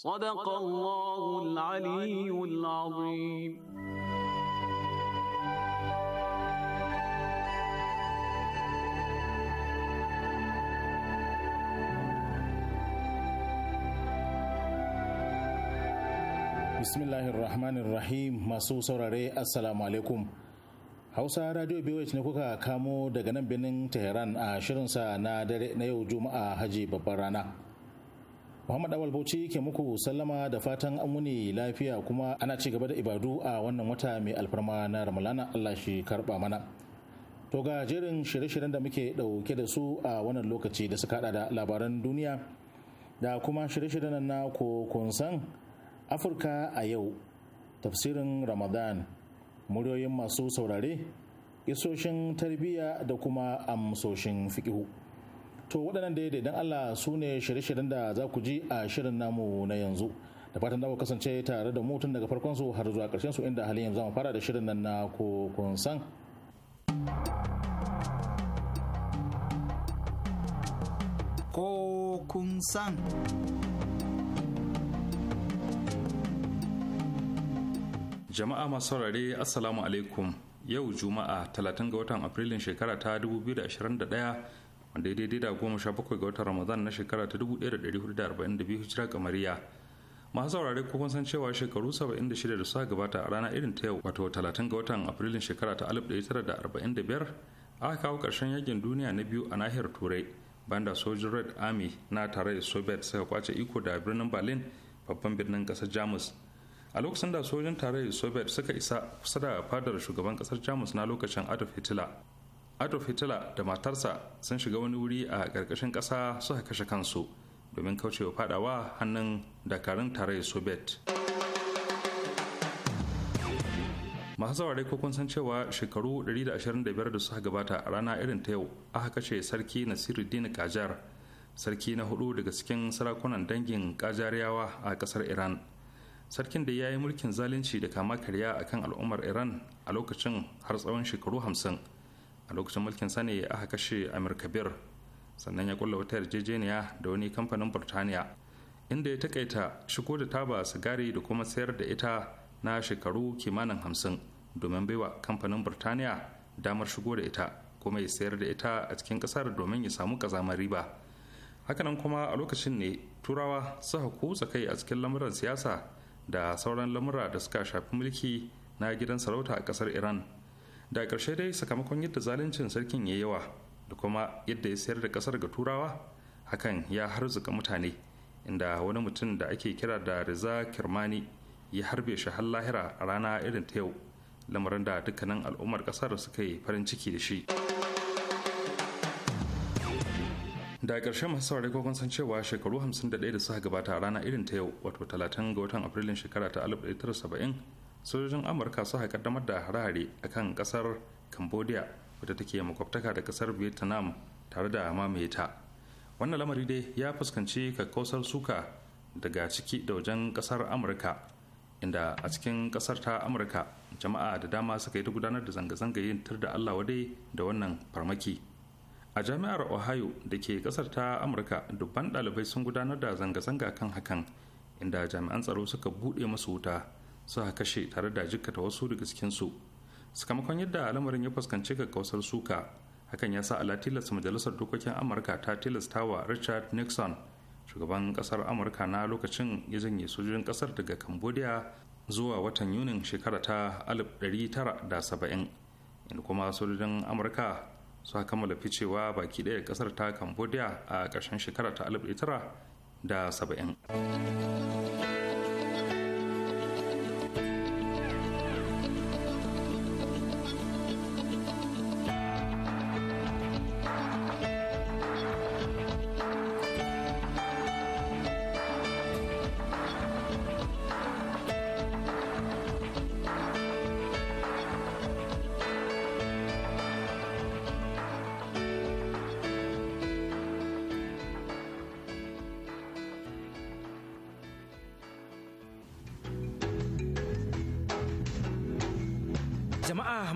صدق الله العلي العظيم الله rahmanir rahim masu saurare assalamu alaikum hausa radio bwh ne kuka kamo daga nan birnin tehran a shirinsa na dare na yau juma'a haji babban rana Muhammad Awal Bauchi ke muku sallama da fatan an wuni lafiya kuma ana ci gaba da ibadu a wannan wata mai alfarma na Ramalana Allah shi karba mana. To ga jerin shirye-shiryen da muke dauke da su a wannan lokaci da suka hada da labaran duniya da kuma shirye-shiryen na kokonsan Afirka a yau, tafsirin Ramadan, muryoyin masu saurare, isoshin tarbiyya da kuma amsoshin fikihu. to waɗannan da dan Allah su ne shirye-shiryen da za ku ji a shirin namu na yanzu da fatan ku kasance tare da mutum daga farkon su har zuwa ƙarshen su inda halin yanzu fara da shirin nan na san kun san jama'a masu saurare assalamu alaikum yau juma'a 30 ga watan afrilun shekara ta 2021 wanda ya daidai da goma sha bakwai ga watan ramadan na shekara ta dubu ɗaya da da da hudu arba'in biyu hijira kamariya masu saurare ko kun san cewa shekaru saba'in da shida da suka gabata a rana irin ta yau wato talatin ga watan afrilun shekara ta alif ɗaya da da tara arba'in biyar, aka kawo ƙarshen yakin duniya na biyu a nahiyar turai bayan da sojin red army na tare da soviet suka kwace iko da birnin berlin babban birnin ƙasar jamus a lokacin da sojin tarayyar soviet suka isa kusa da fadar shugaban ƙasar jamus na lokacin adolf hitler adolf hitler da matarsa sun shiga wani wuri a ƙarƙashin ƙasa suka kashe kansu domin kaucewa fadawa hannun dakarun tarayyar soviet masu saurare ko kun san cewa shekaru 125 da suka gabata a rana irin ta yau aka kashe sarki nasiruddin kajar sarki na hudu daga cikin sarakunan dangin kajariyawa a ƙasar iran sarkin da ya yi mulkin zalunci da kama karya a kan al'ummar iran a lokacin har tsawon shekaru hamsin a lokacin mulkin sani aka kashe amir kabir sannan ya kulla wata yarjejeniya da wani kamfanin burtaniya inda ya takaita shigo da taba sigari da kuma sayar da ita na shekaru kimanin hamsin domin baiwa kamfanin burtaniya damar shigo da ita kuma ya sayar da ita a cikin kasar domin ya samu kazamar riba hakanan kuma a lokacin ne turawa suka kutsa kai a cikin lamuran siyasa da sauran lamura da suka shafi mulki na gidan sarauta a kasar iran da ƙarshe dai sakamakon yadda zaluncin sarkin ya yawa da kuma yadda ya sayar da ƙasar ga turawa hakan ya harzuka mutane inda wani mutum da ake kira da riza kirmani ya harbe shi har lahira a rana irin ta yau lamarin da dukkanin al'ummar ƙasar suka yi farin ciki da shi da ƙarshe masu saurari kogon san cewa shekaru 51 da suka gabata a rana irin ta yau wato 30 ga watan afrilun shekara ta 1970 sojojin amurka suka kaddamar da harare kan ƙasar cambodia wadda take makwabtaka da ƙasar vietnam tare da mamaye ta wannan lamari dai ya fuskanci kakkausar suka daga ciki da wajen kasar amurka inda a cikin kasar ta amurka jama'a da dama suka yi ta gudanar da zanga-zanga yin tur da allah wadai da wannan farmaki a jami'ar ohio da ke kasar ta amurka dubban ɗalibai sun gudanar da zanga-zanga kan hakan inda jami'an tsaro suka buɗe masu wuta su suka kashe tare da jikka ta wasu daga cikinsu sakamakon yadda lamarin ya fuskanci kakkausar suka hakan ya sa ala tilasta majalisar dokokin amurka ta tilasta wa richard nixon shugaban kasar amurka na lokacin ya janye sojojin kasar daga cambodia zuwa watan yunin shekara ta 1970 inda kuma sojojin amurka su suka kammala ficewa baki ɗaya kasar ta cambodia a ƙarshen shekara ta 1970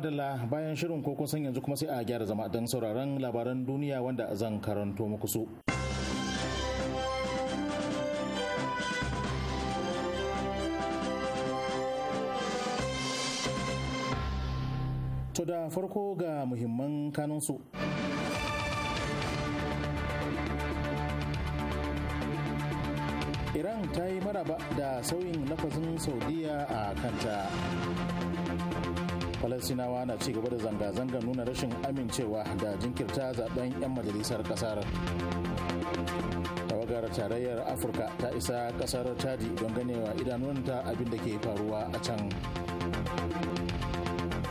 madalla bayan shirin ko kusan yanzu kuma sai a gyara zama don sauraron labaran duniya wanda zan karanto muku su. To da farko ga muhimman kanunsu. Iran ta yi maraba da sauyin lafazin Saudiya a kanta. falasinawa na ci gaba da zanga-zanga nuna rashin amincewa da jinkirta zaben 'yan majalisar kasar tawagar tarayyar afirka ta isa kasar chadi don ganewa idanunta abin da ke faruwa a can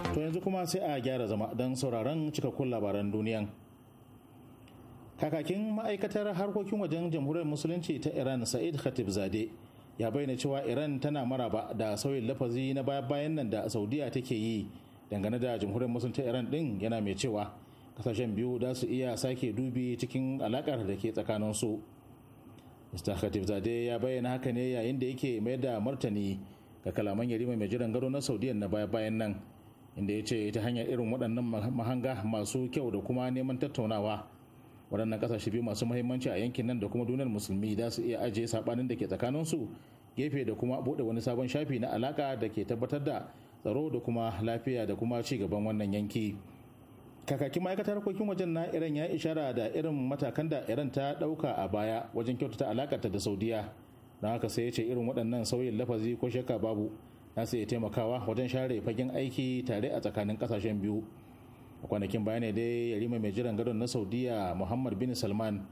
to yanzu kuma sai a gyara zama don sauraron cikakkun labaran duniyan kakakin ma'aikatar harkokin wajen jamhuriyar musulunci ta iran sa'id khatib zade ya bayyana cewa iran tana maraba da sauyin lafazi na bayan nan da saudiya take yi dangane da jamhuriyar musulunci iran din yana mai cewa kasashen biyu za su iya sake dubi cikin alakar da ke tsakaninsu mr khatib zade ya bayyana haka ne yayin da yake mai da martani ga kalaman yarima mai jiran gado na saudiya na bayan nan inda ya ce ta hanyar irin waɗannan mahanga masu kyau da kuma neman tattaunawa waɗannan ƙasashe biyu masu mahimmanci a yankin nan da kuma duniyar musulmi za su iya ajiye saɓanin da ke tsakaninsu gefe da kuma buɗe wani sabon shafi na alaƙa da ke tabbatar da tsaro da kuma lafiya da kuma ci gaban wannan yanki kakakin ma'aikatar harkokin wajen na iran ya ishara da irin matakan da iran ta ɗauka a baya wajen kyautata ta da saudiya don haka sai ya ce irin waɗannan sauyin lafazi ko shakka babu na sai ya taimakawa wajen share fagen aiki tare a tsakanin ƙasashen biyu a kwanakin baya ne dai yarima mai jiran gadon na saudiya muhammad bin salman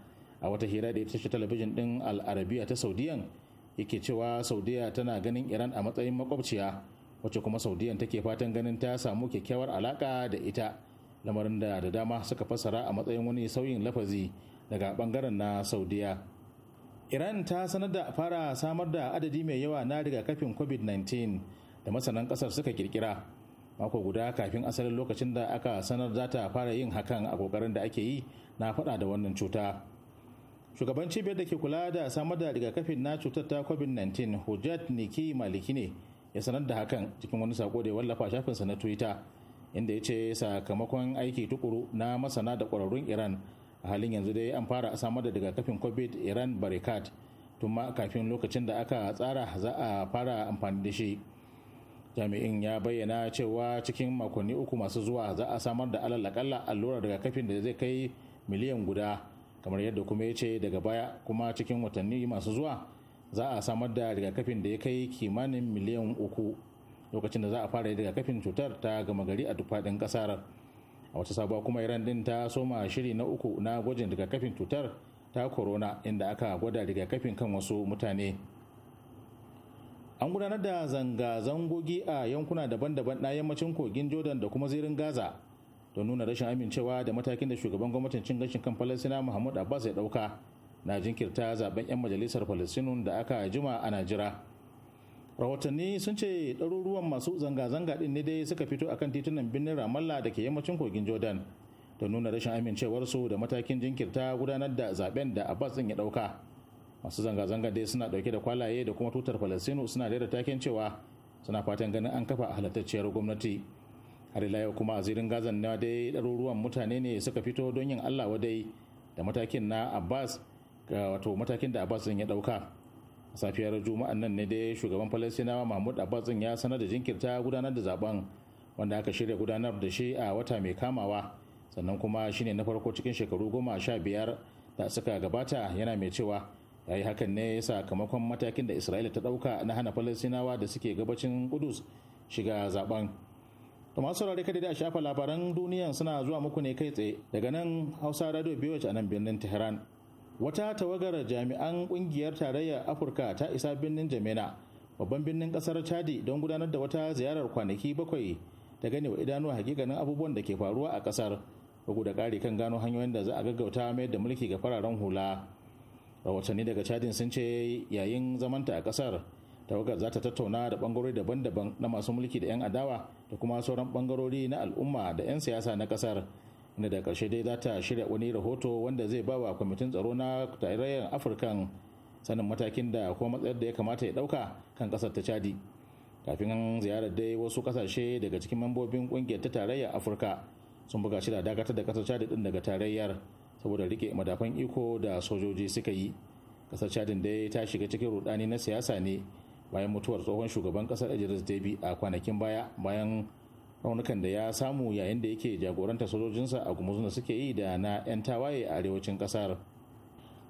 a wata hira da ita talabijin din al'arabiya ta saudiyan yake cewa saudiya tana ganin iran a matsayin makwabciya wacce kuma saudiyan take fatan ganin ta samu kyakkyawar alaka da ita lamarin da da dama suka fassara a matsayin wani sauyin lafazi daga bangaren na saudiya iran ta sanar da fara samar da adadi mai yawa na rigakafin covid-19 da masanan kasar suka kirkira mako guda kafin asalin lokacin da aka sanar za ta fara yin hakan a kokarin da ake yi na faɗa da wannan cuta shugaban cibiyar da ke kula da samar da rigakafin na cutar ta covid-19 hujjat niki maliki ne ya sanar da hakan cikin wani sako da ya wallafa shafinsa na twitter inda ya ce sakamakon aiki tukuru na masana da ƙwararrun iran a halin yanzu dai an fara samar da rigakafin covid iran barikat tun ma kafin lokacin da aka tsara za a fara amfani da shi jami'in ya bayyana cewa cikin makonni uku masu zuwa za a samar da alal akalla allurar rigakafin da zai kai miliyan guda kamar yadda kuma ya ce daga baya kuma cikin watanni masu zuwa za a samar da rigakafin da ya kai kimanin miliyan uku lokacin da za a fara rigakafin cutar ta gama gari a duk faɗin ƙasar a wata sabuwa kuma iran din ta soma shiri na uku na gwajin rigakafin cutar ta corona inda aka gwada rigakafin kan wasu mutane an gudanar da zanga-zangogi a yankuna daban-daban na yammacin kogin jordan da kuma zirin gaza don nuna rashin amincewa da matakin da shugaban gwamnatin cin gashin kan falasina muhammad abbas ya dauka na jinkirta zaben 'yan majalisar falastinun da aka jima a najira rahotanni sun ce ɗaruruwan masu zanga-zanga ɗin ne dai suka fito akan titunan birnin ramallah da ke yammacin kogin jordan da nuna rashin amincewarsu da matakin jinkirta gudanar da zaben da abbas ɗin ya ɗauka masu zanga-zanga dai suna dauke da kwalaye da kuma tutar falasinu suna da taken cewa suna fatan ganin an kafa halattacciyar gwamnati har ila yau kuma a zirin gazan na dai ɗaruruwan mutane ne suka fito don yin allah wadai da matakin na abbas ga wato matakin da abbas ya ɗauka a safiyar juma'an nan ne dai shugaban falasinawa mahmud abbas ya sanar da jinkirta gudanar da zaben wanda aka shirya gudanar da shi a wata mai kamawa sannan kuma shine na farko cikin shekaru goma sha biyar da suka gabata yana mai cewa ya yi hakan ne sakamakon matakin da isra'ila ta ɗauka na hana falasinawa da suke gabacin kudus shiga zaben to masu saurare kada da shafa labaran duniya suna zuwa muku ne kai tsaye daga nan hausa radio biyu a nan birnin tehran wata tawagar jami'an kungiyar tarayyar afirka ta isa birnin jamina babban birnin kasar chadi don gudanar da wata ziyarar kwanaki bakwai ta gane wa idanu hakikanin abubuwan da ke faruwa a kasar bugu da ƙari kan gano hanyoyin da za a gaggauta mayar da mulki ga fararen hula rahotanni daga chadin sun ce yayin zamanta a kasar tawagar za ta tattauna da bangarori daban-daban na masu mulki da 'yan adawa da kuma sauran bangarori na al'umma da 'yan siyasa na kasar inda da karshe dai za ta shirya wani rahoto wanda zai ba wa kwamitin tsaro na tarayyar afirka sanin matakin da kuma matsayar da ya kamata ya dauka kan kasar ta chadi kafin ziyarar dai wasu kasashe daga cikin mambobin kungiyar ta tarayyar afirka sun buga shi da dakatar da kasar chadi din daga tarayyar saboda rike madafan iko da sojoji suka yi kasar chadin dai ta shiga cikin rudani na siyasa ne bayan mutuwar tsohon shugaban kasar ajiyar debi a kwanakin baya bayan raunukan da ya samu yayin da yake jagoranta sojojinsa a gumuzun da suke yi da na 'yan tawaye a arewacin kasar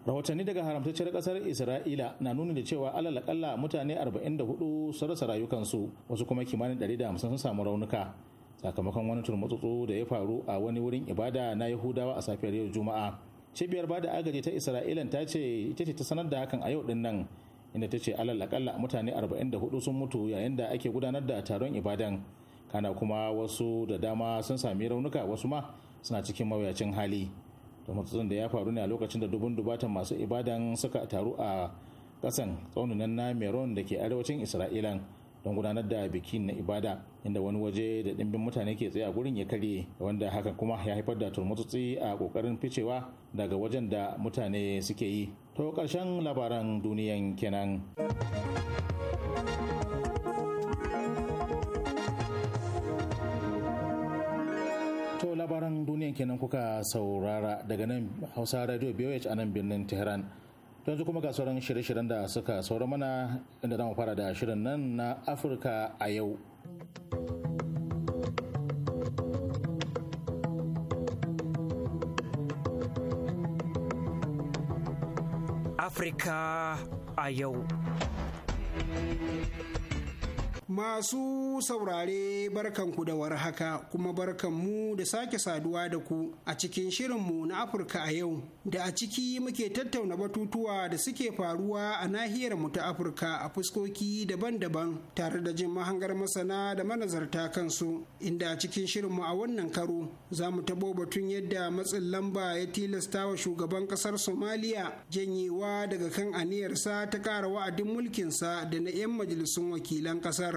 rahotanni daga haramtacciyar kasar isra'ila na nuna da cewa alal akalla mutane 44 su rasa rayukansu wasu kuma kimanin 150 sun samu raunuka sakamakon wani turmutsutsu da ya faru a wani wurin ibada na yahudawa a safiyar yau juma'a cibiyar bada agaji ta isra'ila ta ce ita ce ta sanar da hakan a yau din nan inda ta ce alal akalla mutane 44 sun mutu yayin da ake gudanar da taron ibadan kana kuma wasu da dama sun sami raunuka wasu ma suna cikin mawuyacin hali turmutsutsun da ya faru ne a lokacin da dubun dubatan masu ibadan suka taru a kasan tsaunin na meron da ke arewacin isra'ilan don gudanar da bikin na ibada inda wani waje da dimbin mutane ke tsaye a gurin ya karye wanda hakan kuma ya haifar da turmutsi a kokarin ficewa daga wajen da mutane suke yi to ƙarshen labaran duniyan kenan to labaran duniyan kenan kuka saurara daga nan hausa radio bh a nan birnin tehran yanzu kuma ga sauran shirye-shiryen da suka saura mana inda zamu fara da shirin nan na afirka a yau afirka a yau Masu saurare barkanku da warhaka kuma barkanmu da sake saduwa da ku a cikin shirinmu na Afirka a yau da a ciki muke tattauna batutuwa da suke faruwa a nahiyar mu ta Afirka a fuskoki daban-daban tare da jin mahangar masana da manazarta kansu inda a cikin shirinmu a wannan karo za mu tabo batun yadda matsin lamba ya tilasta wa shugaban kasar Somaliya janyewa daga kan aniyarsa ta ƙara wa'adin mulkinsa da na 'yan majalisun wakilan ƙasar.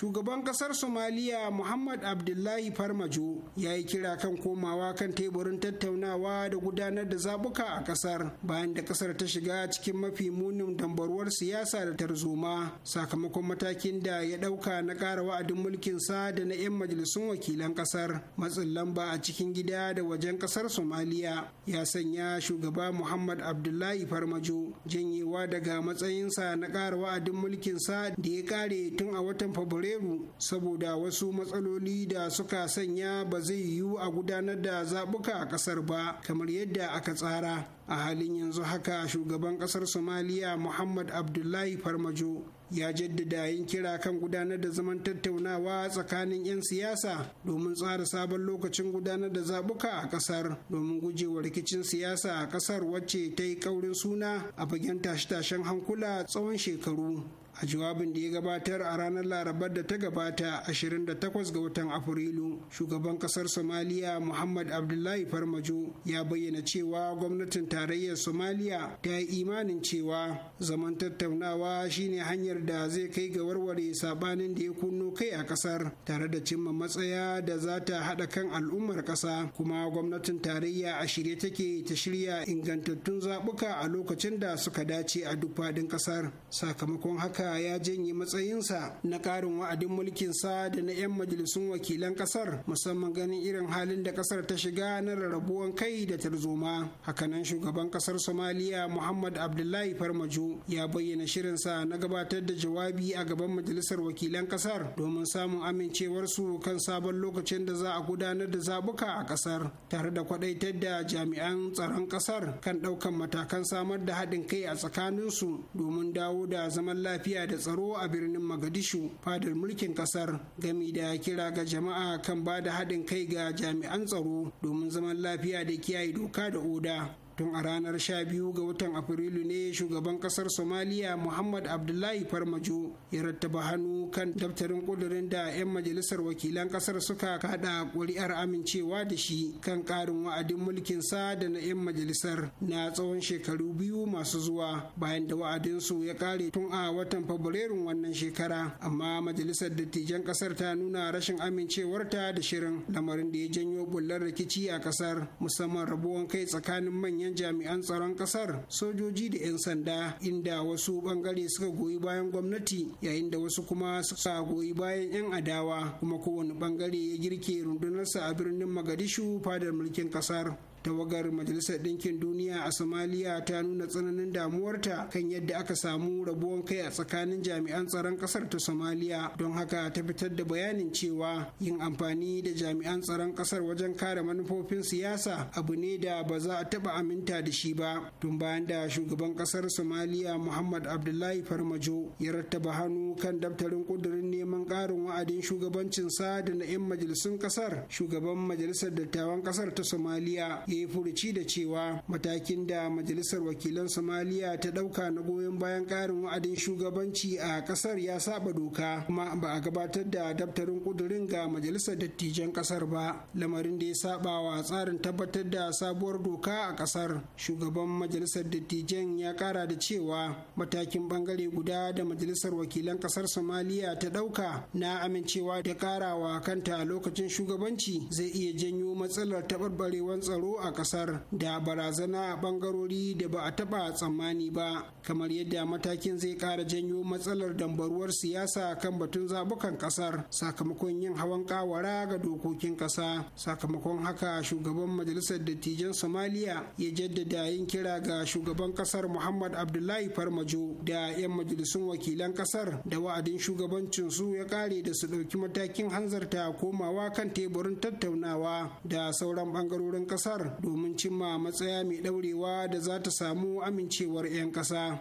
shugaban kasar somaliya muhammad abdullahi farmajo ya yi kira kan komawa kan teburin tattaunawa da gudanar da zabuka a kasar bayan da kasar ta shiga cikin mafi munin dambarwar siyasa da tarzoma sakamakon matakin da ya ɗauka na ƙara wa'adin mulkin sa da na 'yan majalisun wakilan kasar matsin lamba a cikin gida da wajen kasar somaliya ya sanya shugaba muhammad abdullahi farmajo janyewa daga matsayinsa na ƙara wa'adin mulkin sa da ya kare tun a watan fabrairu mu saboda wasu matsaloli da suka sanya ba zai yiwu a gudanar da zaɓuka a ƙasar ba kamar yadda aka tsara a halin yanzu haka shugaban ƙasar somaliya muhammad abdullahi farmajo ya jaddada yin kira kan gudanar da zaman tattaunawa tsakanin 'yan siyasa domin tsara sabon lokacin gudanar da zabuka a ƙasar domin gujewa rikicin siyasa a ƙasar wacce ta yi ƙaurin suna a fagen tashe-tashen hankula tsawon shekaru a jawabin da ya gabatar a ranar larabar da ta gabata 28 ga watan afrilu shugaban kasar somaliya muhammad abdullahi farmajo ya bayyana cewa gwamnatin tarayyar somaliya ta yi imanin cewa zaman tattaunawa shine hanyar da zai kai ga warware sabanin da ya kunno kai a kasar tare da cimma matsaya da za ta haɗa kan al'ummar ƙasa kuma gwamnatin tarayya a shirye take ta shirya ingantattun zaɓuka a lokacin da suka dace a duk faɗin ƙasar sakamakon haka ya janye matsayinsa na ƙarin wa'adin mulkin sa da na 'yan majalisun wakilan ƙasar musamman ganin irin halin da ƙasar ta shiga na rarrabuwan kai da tarzoma hakanan shugaban ƙasar somaliya muhammad abdullahi farmajo ya bayyana shirin sa na gabatar da jawabi a gaban majalisar wakilan ƙasar domin samun amincewar su kan sabon lokacin da za a gudanar da zabuka a ƙasar tare da kwadaitar da jami'an tsaron ƙasar kan ɗaukan matakan samar da haɗin kai a tsakaninsu domin dawo da zaman lafiya lafiya da tsaro a birnin Magadishu fadar mulkin kasar gami da kira ga jama'a kan ba da haɗin kai ga jami'an tsaro domin zaman lafiya da kiyaye doka da oda tun a ranar 12 ga watan afrilu ne shugaban kasar somaliya muhammad abdullahi farmajo ya rattaba hannu kan daftarin kudurin da 'yan majalisar wakilan kasar suka kada kuri'ar amincewa da shi kan karin wa'adin mulkin sa da na 'yan majalisar na tsawon shekaru biyu masu zuwa bayan da wa'adinsu ya kare tun a watan fabrairun wannan shekara amma majalisar dattijan kasar ta nuna rashin amincewarta da shirin lamarin da ya janyo bullar rikici a kasar musamman rabuwan kai tsakanin manyan manyan jami'an tsaron kasar sojoji da 'yan sanda inda wasu bangare suka goyi bayan gwamnati yayin da wasu kuma suka goyi bayan 'yan adawa kuma kowane bangare ya girke rundunarsa a birnin magadishu fadar mulkin kasar tawagar majalisar ɗinkin duniya a somaliya ta nuna tsananin damuwarta kan yadda aka samu rabuwan kai a tsakanin jami'an tsaron ƙasar ta somaliya don haka ta fitar da bayanin cewa yin amfani da jami'an tsaron ƙasar wajen kare manufofin siyasa abu ne da ba za a taɓa aminta da shi ba tun bayan da shugaban ƙasar somaliya muhammad abdullahi farmajo ya rattaba hannu kan daftarin ƙudurin neman ƙarin wa'adin shugabancinsa da na 'yan majalisun ƙasar shugaban majalisar dattawan ƙasar ta somaliya ya yi furuci da cewa matakin da majalisar wakilan somaliya ta ɗauka na goyon bayan ƙarin wa'adin shugabanci a ƙasar ya saba doka kuma ba a gabatar da daftarin ƙudurin ga majalisar dattijan ƙasar ba lamarin da ya saba wa tsarin tabbatar da sabuwar doka a ƙasar shugaban majalisar dattijan ya ƙara da cewa matakin bangare guda da majalisar wakilan ƙasar somaliya ta ɗauka na amincewa da ƙarawa kanta lokacin shugabanci zai iya janyo matsalar taɓarɓarewar tsaro a kasar da barazana a bangarori da ba a taba tsammani ba kamar yadda matakin zai kara janyo matsalar dambaruwar siyasa kan batun zabukan kasar sakamakon yin hawan kawara ga dokokin kasa sakamakon haka shugaban majalisar dattijan somaliya ya jaddada yin kira ga shugaban kasar muhammad abdullahi farmajo da 'yan majalisun wakilan kasar da wa'adin shugabancin su ya kare da su ɗauki matakin hanzarta komawa kan teburin tattaunawa da sauran bangarorin kasar domin cimma matsaya mai daurewa da za ta samu amincewar 'yan ƙasa.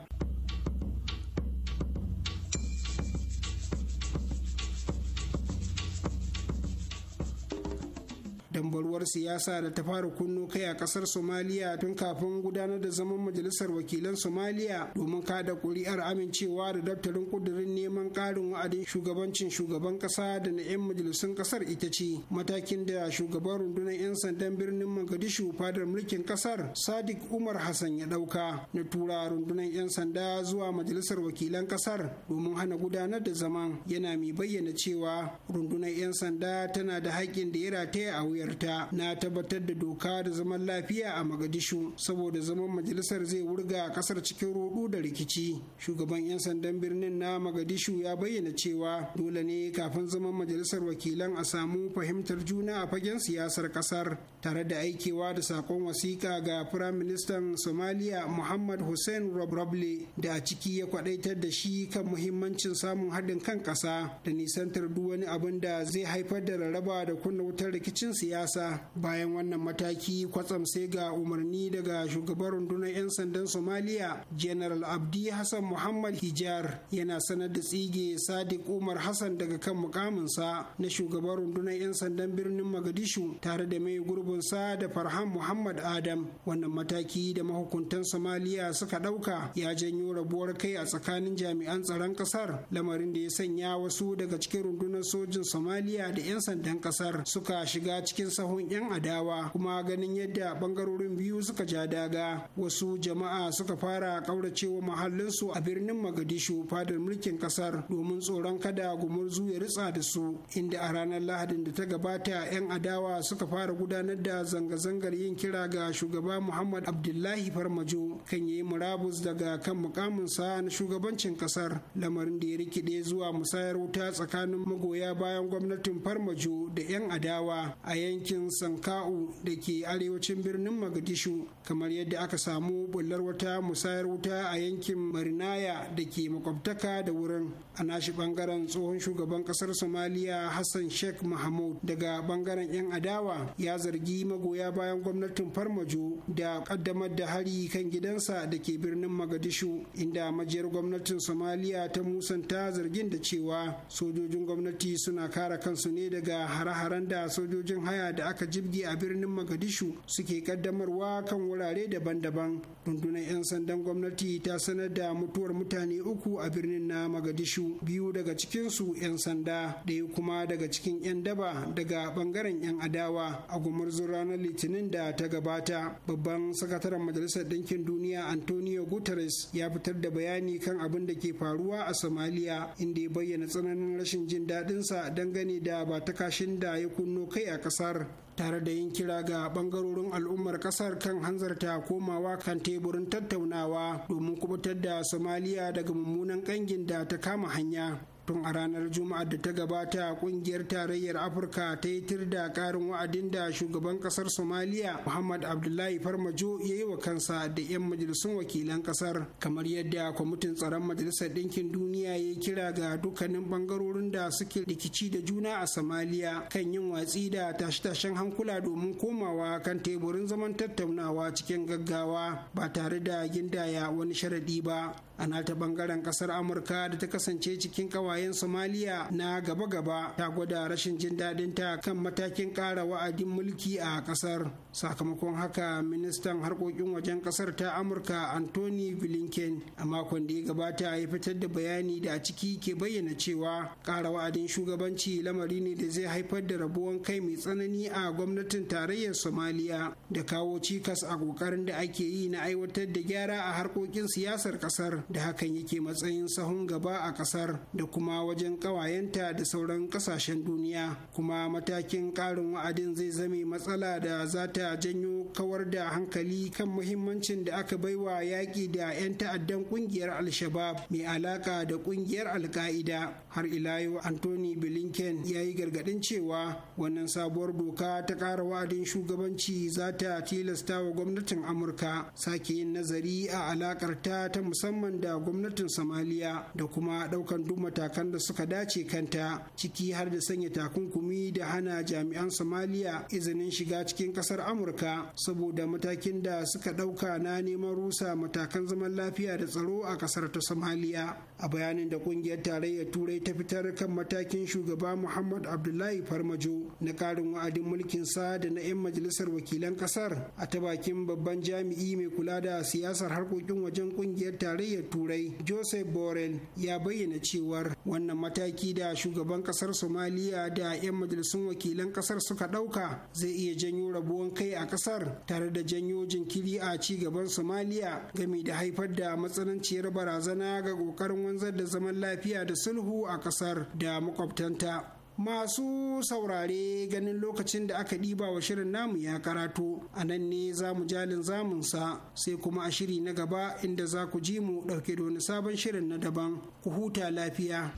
Baruwar siyasa da ta fara kunno kai a kasar somaliya tun kafin gudanar da zaman majalisar wakilan somaliya domin kada kuri'ar amincewa da daftarin kudirin neman karin wa'adin shugabancin shugaban kasa da na 'yan majalisun kasar ita ce matakin da shugaban rundunar 'yan sandan birnin magadishu fadar mulkin kasar sadiq umar hassan ya dauka na tura rundunar 'yan sanda zuwa majalisar wakilan kasar domin hana gudanar da zaman yana mai bayyana cewa rundunar 'yan sanda tana da haƙƙin da ya rataya a wuyar ta na tabbatar da doka da zaman lafiya a Magadishu saboda zaman majalisar zai wurga a kasar cikin rudu da rikici. Shugaban 'yan sandan birnin na Magadishu ya bayyana cewa dole ne kafin zaman majalisar wakilan a samu fahimtar juna a fagen siyasar kasar tare da aikewa da sakon wasiƙa ga Firaministan Somalia Muhammad Hussein Robrable da a ciki ya kwadaitar da shi kan muhimmancin samun haɗin kan ƙasa da nisantar duk wani abin da zai haifar da rarraba da kunna wutar rikicin siyasa. ƙasa bayan wannan mataki kwatsam sai ga umarni daga shugaban rundunar 'yan sandan somaliya general abdi hassan muhammad hijar yana sanar da tsige sadiq umar hassan daga kan mukaminsa na shugaban rundunar 'yan sandan birnin magadishu tare da mai gurbinsa da farhan muhammad adam wannan mataki da mahukuntan somaliya suka ɗauka ya janyo rabuwar kai a tsakanin jami'an tsaron ƙasar lamarin da ya sanya wasu daga cikin rundunar sojin somaliya da 'yan sandan ƙasar suka shiga cikin sahun 'yan adawa kuma ganin yadda bangarorin biyu suka ja daga wasu jama'a suka fara kauracewa mahallinsu a birnin magadishu fadar mulkin kasar domin tsoron kada gumurzu ya ritsa da su inda a ranar lahadin da ta gabata 'yan adawa suka fara gudanar da zanga-zangar yin kira ga shugaba muhammad abdullahi farmajo kan yi murabus daga kan mukaminsa na shugabancin kasar lamarin da ya rikide zuwa musayar wuta tsakanin magoya bayan gwamnatin farmajo da 'yan adawa a yankin yankin sanka'u da ke arewacin birnin magadishu kamar yadda aka samu bullar wata musayar wuta a yankin marinaya da ke makwabtaka da wurin a nashi bangaren tsohon shugaban kasar somaliya hassan sheikh mahmud daga bangaren yan adawa ya zargi magoya bayan gwamnatin farmajo da kaddamar da hari kan gidansa da ke birnin magadishu inda majiyar gwamnatin somaliya ta musanta zargin da cewa sojojin gwamnati suna kare kansu ne daga hare-haren da sojojin haya da aka jibge a birnin Magadishu suke kaddamarwa kan wurare daban-daban. Rundunar 'yan sandan gwamnati ta sanar da mutuwar mutane uku a birnin na Magadishu, biyu daga cikinsu 'yan sanda, ɗaya kuma daga cikin 'yan daba daga bangaren 'yan adawa a gumurzun ranar Litinin da ta gabata. Babban sakataren Majalisar Ɗinkin Duniya Antonio Guterres ya fitar da bayani kan abin da ke faruwa a Somalia inda ya bayyana tsananin rashin jin daɗinsa dangane da ba ta kashin da ya kunno kai a ƙasar. tare da yin kira ga bangarorin al'ummar kasar kan hanzarta komawa kan teburin tattaunawa domin kubutar da somaliya daga mummunan kangin da ta kama hanya tun a ranar juma'a da ta gabata kungiyar tarayyar afirka ta yi tir da karin wa'adin da shugaban kasar somaliya muhammad abdullahi farmajo ya yi wa kansa da 'yan majalisun wakilan kasar kamar yadda kwamitin tsaron majalisar ɗinkin duniya ya kira ga dukkanin bangarorin da suke rikici da juna a somaliya kan yin watsi da tashe-tashen hankula domin komawa kan teburin zaman tattaunawa cikin gaggawa ba tare da gindaya wani sharaɗi ba a nata bangaren kasar amurka da ta kasance cikin kawai Bayan somaliya na gaba-gaba ta gwada rashin jin daɗinta kan matakin ƙara wa'adin mulki a ƙasar sakamakon haka ministan harkokin wajen kasar ta amurka anthony blinken a makon da ya gabata ya fitar da bayani da a ciki ke bayyana cewa Kara wa'adin shugabanci lamari ne da zai haifar da rabuwan kai mai tsanani a gwamnatin tarayyar somaliya da kawo cikas a kokarin da ake yi na aiwatar da gyara a harkokin siyasar kasar da hakan yake matsayin sahun gaba a kasar da kuma wajen kawayenta da sauran ƙasashen duniya kuma matakin ƙarin wa'adin zai zame matsala da za ta da janyo kawar da hankali kan muhimmancin da aka baiwa yaƙi da 'yan ta'addan ƙungiyar al-shabab mai alaƙa da ƙungiyar al-ƙa'ida har ila yau anthony blinken ya yi gargaɗin cewa wannan sabuwar doka ta ƙara wa'adin shugabanci za ta tilasta wa gwamnatin amurka sake yin nazari a alaƙar ta ta musamman da gwamnatin Samaliya, da kuma ɗaukan duk matakan da suka dace kanta ciki har da sanya takunkumi da hana jami'an Samaliya izinin shiga cikin ƙasar amurka saboda matakin da suka ɗauka na neman rusa matakan zaman lafiya da tsaro a ƙasar ta somaliya a bayanin da kungiyar tarayyar turai ta fitar kan matakin shugaba muhammad abdullahi farmajo na karin wa'adin mulkin sa da na 'yan majalisar wakilan kasar a ta bakin babban jami'i mai kula da siyasar harkokin wajen kungiyar tarayyar turai joseph Borel ya bayyana cewar wannan mataki da shugaban kasar somaliya da 'yan majalisun wakilan kasar suka ɗauka zai iya janyo rabuwan kai a kasar tare da janyo jinkiri a ci gaban somaliya game da haifar da matsananciyar barazana ga ƙoƙarin wanzar da zaman lafiya da sulhu a kasar da makwabtanta masu saurare ganin lokacin da aka ɗiba wa shirin namu ya karatu a nan ne za mu jalin zamunsa sai kuma a shiri na gaba inda za ku ji mu ɗauke da wani sabon shirin na daban ku huta lafiya.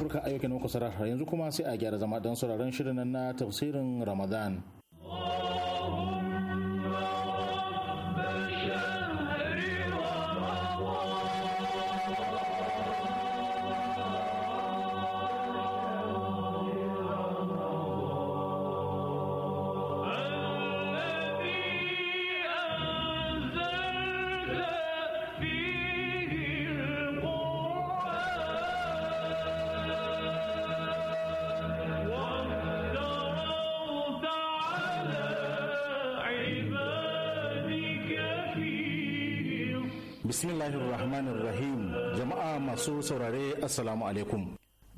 afirka a yau kenan kusa yanzu kuma sai a gyara zama don sauraron shirin na tafsirin ramadan masu saurare assalamu alaikum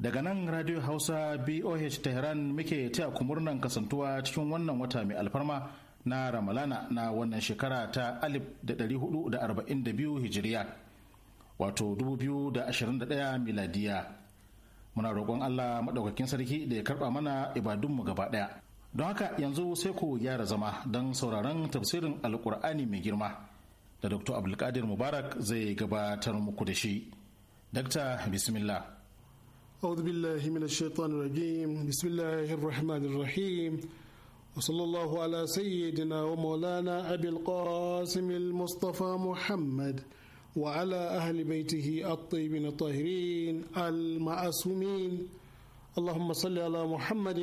daga nan radio hausa boh tehran muke taya ku murnan kasantuwa cikin wannan wata mai alfarma na ramalana na wannan shekara ta 1442 hijiriya wato 2021 miladiya muna roƙon allah maɗaukakin sarki da ya karɓa mana ibadunmu gaba ɗaya don haka yanzu sai ku gyara zama don sauraron tafsirin alkur'ani mai girma da dr abdulkadir mubarak zai gabatar muku da shi. dakta bismillah أعوذ بالله من الشيطان الرجيم بسم الله الرحمن الرحيم وصلى الله على سيدنا ومولانا أبي القاسم المصطفى محمد وعلى أهل بيته الطيبين الطاهرين المعصومين اللهم صل على محمد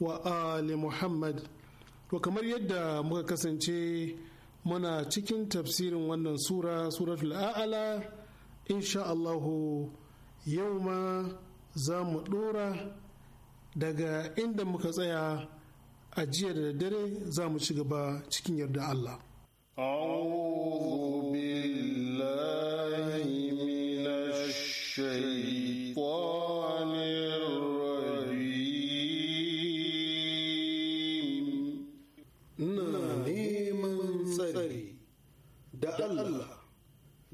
وآل محمد وكما يدى مكا كسنشي منا تشكين تفسير وانا سورة سورة الأعلى insha allahu yau ma za mu dora daga inda muka tsaya a jiya da dare za mu ci gaba cikin yarda allah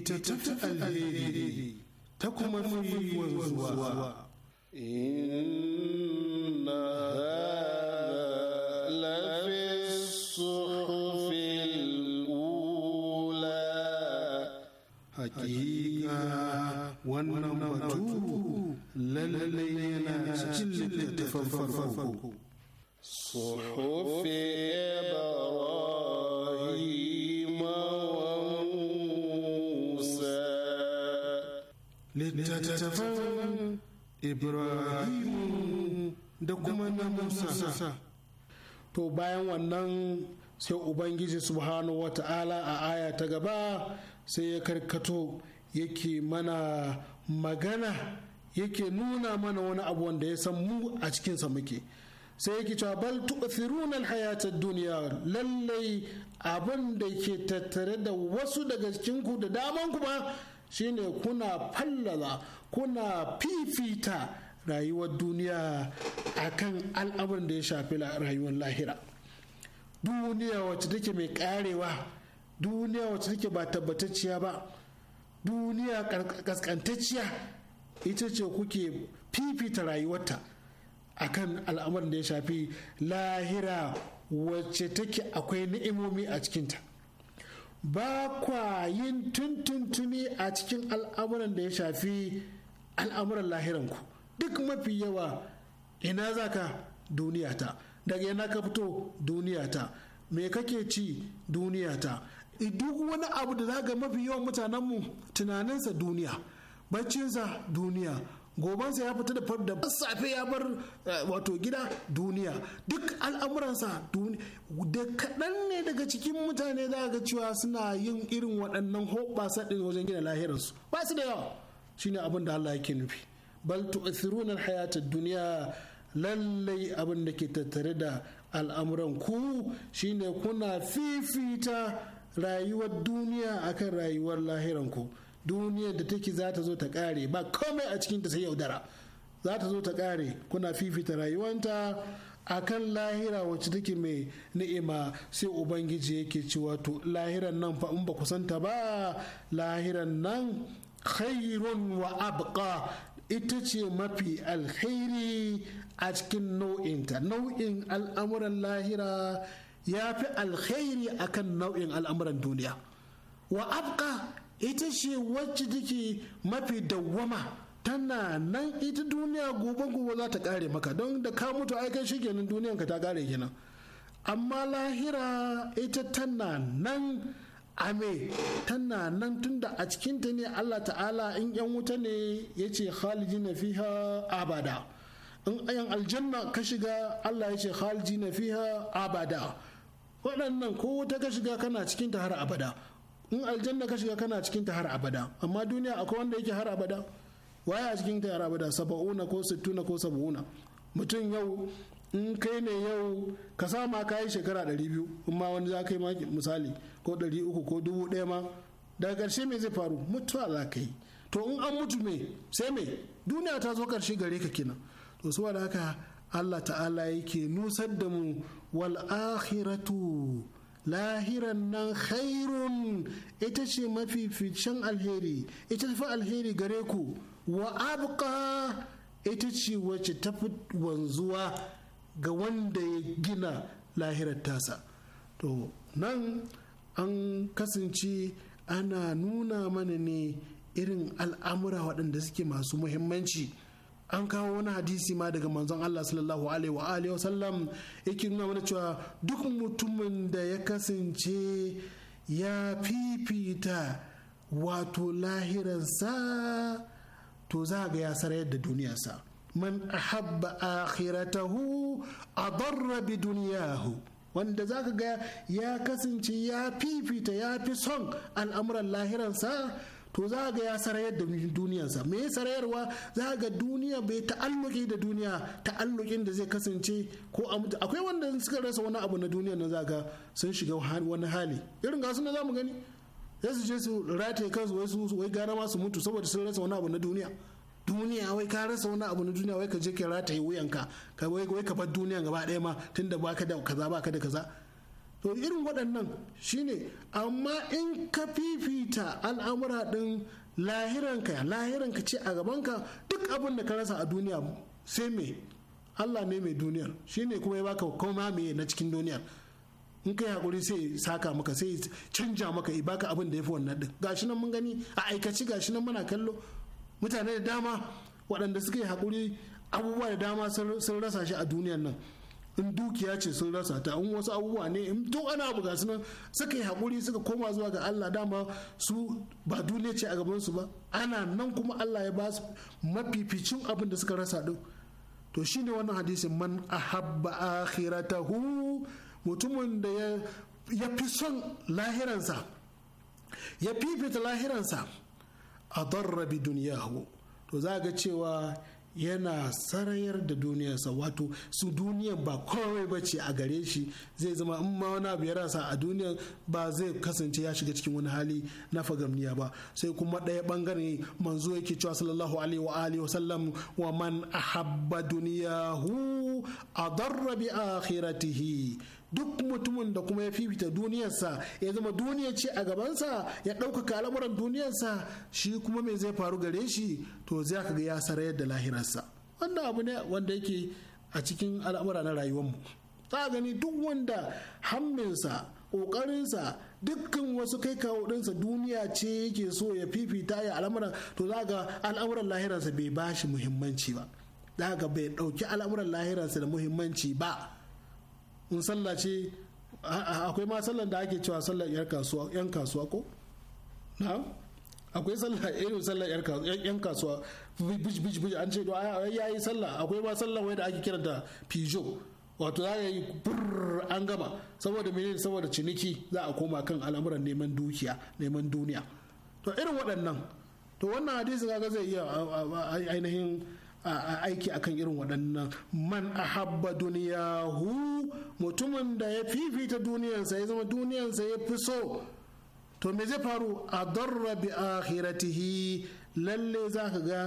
ita ta fi alheri ta kuma fi wanzuwa. Hakika wannan batu lallai yana cikin littattafan farko. Suhufi littattafan ibrahim da kuma na to bayan wannan sai ubangiji subhanahu wa ta'ala a aya ta gaba sai ya karkato yake mana magana yake nuna mana wani abu wanda ya san mu a cikinsa muke sai yake cewa bal tu'thiruna al duniya lallai abin da ke tattare da wasu daga cikinku da daman ku ba shine kuna fallala kuna fifita rayuwar duniya akan al'amuran da ya shafi rayuwar lahira duniya wacce take mai karewa duniya wacce take ba tabbatacciya ba duniya kaskantacciya ita ce kuke fifita rayuwarta akan al'amuran da ya shafi lahira wacce take akwai ni'imomi a cikinta ba kwa yin tuntuntuni a cikin al'amuran da ya shafi al'amuran lahiranku duk mafi yawa ina za ka duniya ta? daga ina ka fito duniya ta? me kake ci duniya duniyata duk wani abu da za ga mafi yawan mutanenmu tunaninsa duniya baccinsa duniya gobansa ya fita da far da safe ya bar eh, wato gida duniya duk al'amuransa da kaɗan ne daga cikin mutane za ga cewa suna yin irin waɗannan hoɓasa ɗin wajen gina lahirarsu ba su da yawa shine abin da Allah yake nufi bal tu'thiruna hayatad duniya lallai abin da ke tattare da al'amuran ku shine kuna fifita rayuwar duniya akan rayuwar lahiranku ku duniyar da take za ta zo ta kare ba komai a cikin cikinta sai yaudara za ta zo ta kare kuna fifita rayuwanta a kan lahira wacce take mai ni'ima sai ubangiji yake cewa to lahiran nan fa in ba kusanta ba lahiran nan khairun wa abqa ita ce mafi alkhairi a cikin nau'inta nau'in al'amuran lahira ya fi alkhairi akan nau'in al'amuran duniya wa abqa ita ce wacce take mafi dawwama tana nan ita duniya gobe gobe za ta kare maka don da ka mutu ai kai shikenan duniyan ka ta kare kenan amma lahira ita tana nan ame tana nan tunda a cikinta ne Allah ta'ala in yan wuta ne ya ce khalidina fiha abada in ayan aljanna ka shiga Allah ya ce khalidina fiha abada waɗannan ko wuta ka shiga kana cikin ta har abada in aljanna ka shiga kana cikin ta har abada amma duniya akwai wanda yake har abada waye a cikin ta har abada saba'una ko sittuna ko saba'una mutum yau in kai ne yau ka sa ka yi shekara ɗari biyu in ma wani za ka yi ma misali ko ɗari uku ko dubu ɗaya ma daga ƙarshe me zai faru mutuwa za ka yi to in an mutu me sai me duniya ta zo ƙarshe gare ka kina to su saboda haka Allah ta'ala yake nusar da mu wal akhiratu lahiran nan khairun ita ce mafificin alheri ita tafi alheri gare ku wa abuka ita ce wacce tafi wanzuwa ga wanda ya gina lahirar tasa to nan an kasance ana nuna mana ne irin al'amura waɗanda suke masu muhimmanci. an kawo wani hadisi ma daga manzon Allah sallallahu alaihi wa alihi wasallam yake nuna mana cewa duk mutumin da ya kasance ya fifita wato lahiransa to za ga ya sarayar da duniyarsa man ahabba akhiratahu adarra bi dunyahu wanda za ka ga ya kasance ya fifita ya fi son al'amuran lahiransa to za ga ya sarayar da duniyarsa me sarayarwa za ga duniya bai ta'alluki da duniya ta'allukin da zai kasance ko akwai wanda suka rasa wani abu na duniya na za ga sun shiga wani hali irin gasu na zamu gani sai su je su rataye kansu wai su wai gana ma su mutu saboda sun rasa wani abu na duniya duniya wai ka rasa wani abu na duniya wai ka je ka rataye wuyanka ka wai ka bar duniya gaba ɗaya ma tunda baka da kaza baka da kaza to irin waɗannan shine amma in ka fifita al'amura ɗin lahiranka ya lahiranka ce a gabanka duk abin da ka rasa a duniya sai me Allah ne mai duniyar shine kuma ya baka koma me na cikin duniyar in kai hakuri sai saka maka sai canja maka i baka abin da ya fi wannan din gashi nan mun gani a aikaci gashi nan muna kallo mutane da dama waɗanda suka yi hakuri abubuwa da dama sun rasa shi a duniyar nan in dukiya ce sun rasa ta in wasu abubuwa ne in duk ana abu ga sunan suka yi hakuri suka koma zuwa ga Allah dama su ba duniya ce a gaban su ba ana nan kuma Allah ya ba su mafificin abin da suka rasa din to shine wannan hadisin man ahabba akhiratahu mutumin da ya ya fi son lahiransa ya fifita lahiransa a darrabi duniyahu to za ga cewa yana sarayar da duniyarsa wato su duniyar ba kawai ba ce a gare shi zai zama in ma wani abu ya rasa a duniyar ba zai kasance ya shiga cikin wani hali na fagamniya ba sai kuma ɗaya ɓangare manzo yake cewa sallallahu alaihi wa alihi wasallam wa man ahabba duniyahu adarra bi akhiratihi duk mutumin da kuma ya fifita duniyarsa ya zama duniya ce a gabansa ya ɗaukaka al'amuran duniyarsa shi kuma me zai faru gare shi to zai ka ga ya sarayar da lahirarsa wannan abu ne wanda yake a cikin al'amura na rayuwarmu za gani duk wanda hamminsa ƙoƙarinsa dukkan wasu kai kawo ɗinsa duniya ce yake so ya fifita ya al'amuran to za ga al'amuran lahirarsa bai bashi muhimmanci ba za ga bai ɗauki al'amuran lahirarsa da muhimmanci ba in sallah ce akwai ma sallan da ake cewa sallar yan kasuwa yan kasuwa ko na akwai sallah irin sallar yan kasuwa bij bij bij an ce ya yi sallah akwai ma sallar wanda da ake kira da pijo wato za yi burr an gama saboda menene saboda ciniki za a koma kan al'amuran neman dukiya neman duniya to irin waɗannan to wannan hadisi kaga zai iya ainihin aiki akan irin waɗannan man a ahabba duniyahu mutumin da ya fifita duniyansa ya zama duniyansa ya fi so to me zai faru a darra bi akhiratihi lalle za ka ga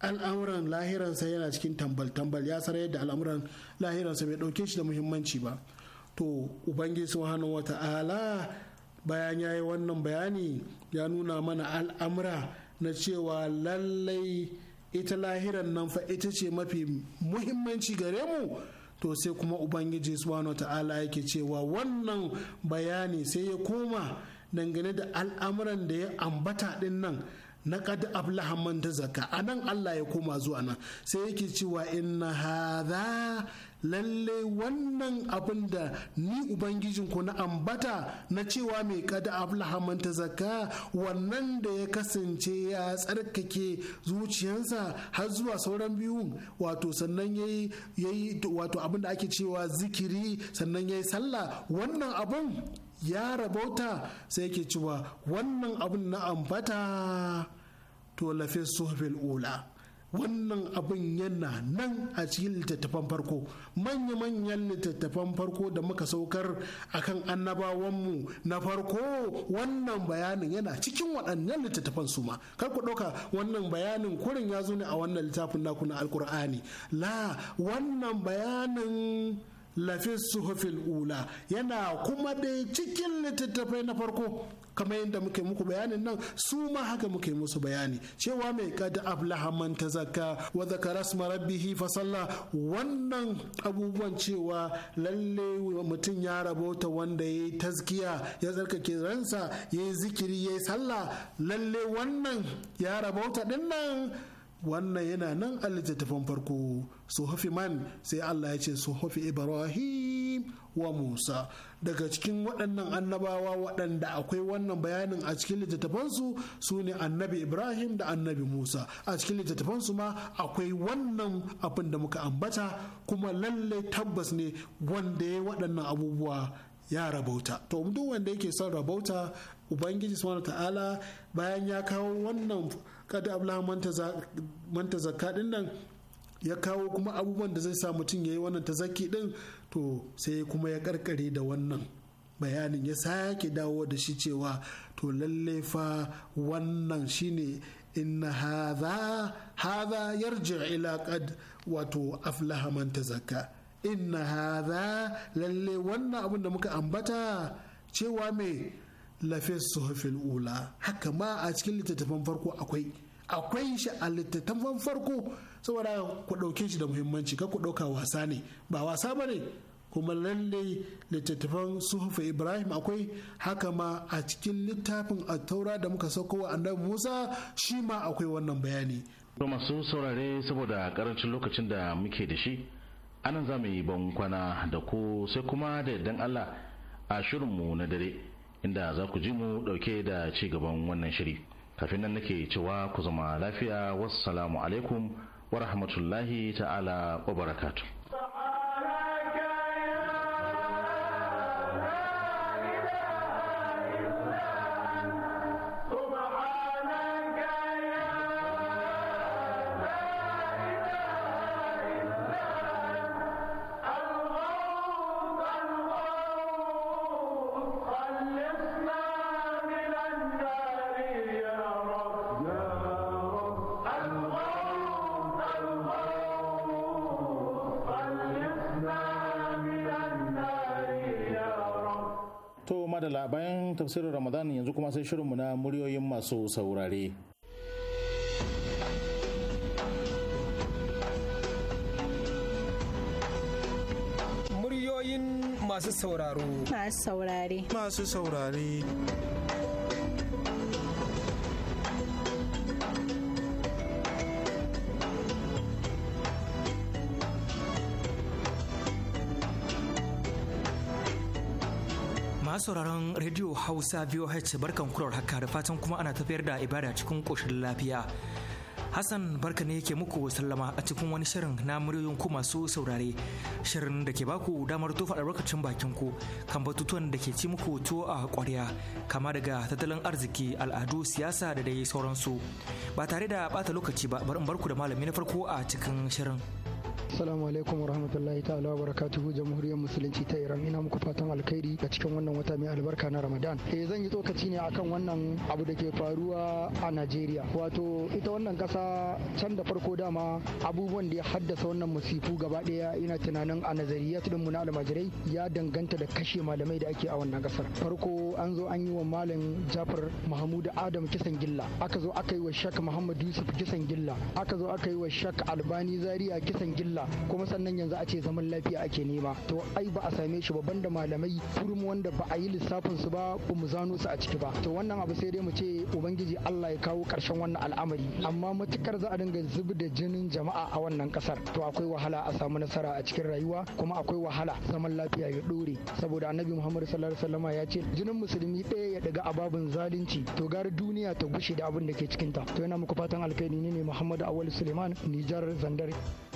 al'amuran lahiransa yana cikin tambal-tambal ya sarai da al'amuran lahiransa bai ɗauke shi da muhimmanci ba to ubangiji subhanahu ala bayan ya yi wannan bayani ya nuna mana al'amura na cewa lallai ita lahiran nan fa ita ce mafi muhimmanci gare mu to sai kuma ubangiji subhanahu ta'ala yake cewa wannan bayani sai ya koma dangane da al'amuran da ya ambata din nan na kad ablahamman da ta zaka anan Allah ya koma zuwa nan sai yake cewa inna hadha lalle wannan abin da ni ubangijin ubangijinku na ambata na cewa mai kada ta zaka wannan da ya kasance ya tsarkake zuciyansa har zuwa sauran biyun wato sannan ya yi wato abin da ake cewa zikiri sannan ya yi sallah wannan abin ya rabauta sai yake cewa wannan abin na ambata to lafi suhufil ula wannan abin yana nan a cikin littattafan farko manya-manyan littattafan farko da muka saukar a akan annabawanmu na farko wannan bayanin yana cikin waɗannan littattafan su ma kar ku ɗauka wannan bayanin kurin ya zo ne a wannan littafin naku na alkur'ani la wannan bayanin lafis suhufil ula yana kuma dai cikin littattafai na farko kamar yadda muke muku bayanin nan su ma haka muke musu bayani cewa mai kada ablaha man tazakka wa zakara asma rabbihi fa salla wannan abubuwan cewa lalle mutum ya rabota wanda yayi tazkiya ya tsarkake ransa yayi zikiri yayi sallah lalle wannan ya rabota dinnan wannan yana nan a littattafan farko suhufi man sai Allah ya ce suhufi Ibrahim wa Musa daga cikin waɗannan annabawa waɗanda akwai wannan bayanin a cikin littattafansu su ne annabi Ibrahim da annabi Musa a cikin littattafansu ma akwai wannan abin da muka ambata kuma lallai tabbas ne wanda ya waɗannan abubuwa ya rabauta to duk wanda yake son rabauta ubangiji subhanahu ta'ala bayan ya kawo wannan kada abla manta zakka din nan ya kawo kuma abubuwan da zai sa mutum ya yi wannan ta zaki din to sai kuma ya karkare da wannan bayanin ya sake dawo da shi cewa to lalle fa wannan shine inna hadha hadha yarji ila qad wato aflaha man tazakka inna hadha lalle wannan abin da muka ambata cewa me lafis suhufil ula haka ma a cikin littattafan farko akwai akwai shi a littattafan farko saboda ku ɗauke shi da muhimmanci ka ku ɗauka wasa ne ba wasa ba ne kuma lalle littattafan suhufa ibrahim akwai haka ma a cikin littafin taura da muka sauko wa annabi musa shi ma akwai wannan bayani masu saurare saboda karancin lokacin da muke da shi anan za mu yi bankwana da ku sai kuma da yardan Allah a shirinmu na dare inda za ku ji mu dauke da ci gaban wannan shiri kafin nan nake cewa ku zama lafiya wassalamu alaikum wa rahmatullahi ta'ala wa barakatuh tafsirin Ramadan yanzu kuma sai shirinmu na muryoyin masu saurare. Muryoyin masu sauraro. Masu saurare. Masu saurare. sauraron Radio Hausa VOH barkan kurar haka da fatan kuma ana tafiyar da ibada cikin ƙoshin lafiya. Hassan barka ne yake muku sallama a cikin wani shirin na muryoyin ku masu saurare. Shirin da ke baku damar tofa lokacin bakin ku kan batutuwan da ke ci muku tuwo a ƙwarya kama daga tattalin arziki, al'adu, siyasa da dai sauransu. Ba tare da bata lokaci ba bari in barku da malami na farko a cikin shirin. Assalamu alaikum wa rahmatullahi ta'ala barakatuhu jamhuriyar musulunci ta Iran ina muku fatan alkhairi a cikin wannan wata mai albarka na Ramadan. Eh zan yi tsokaci ne akan wannan abu da ke faruwa a Najeriya. Wato ita wannan kasa can da farko dama abubuwan da ya haddasa wannan musifu gaba daya ina tunanin a nazariyat din mu na almajirai ya danganta da kashe malamai da ake a wannan kasar. Farko an zo an yi wa malam Jafar Mahmud Adam kisan gilla. Aka zo aka yi wa Shak Muhammad Yusuf kisan gilla. Aka zo aka yi wa Shak Albani Zariya kisan gilla. matsala kuma sannan yanzu a ce zaman lafiya ake nema to ai ba a same shi ba banda malamai furum wanda ba a yi lissafin su ba ba mu zano su a ciki ba to wannan abu sai dai mu ce ubangiji Allah ya kawo karshen wannan al'amari amma matukar za a dinga zubi da jinin jama'a a wannan kasar to akwai wahala a samu nasara a cikin rayuwa kuma akwai wahala zaman lafiya ya dore saboda annabi Muhammad sallallahu alaihi wasallam ya ce jinin musulmi ɗaya ya daga ababin zalunci to gara duniya ta gushe da abin da ke cikinta to yana muku fatan alkaini ne ne Muhammad Awal Suleiman Nijar Zandar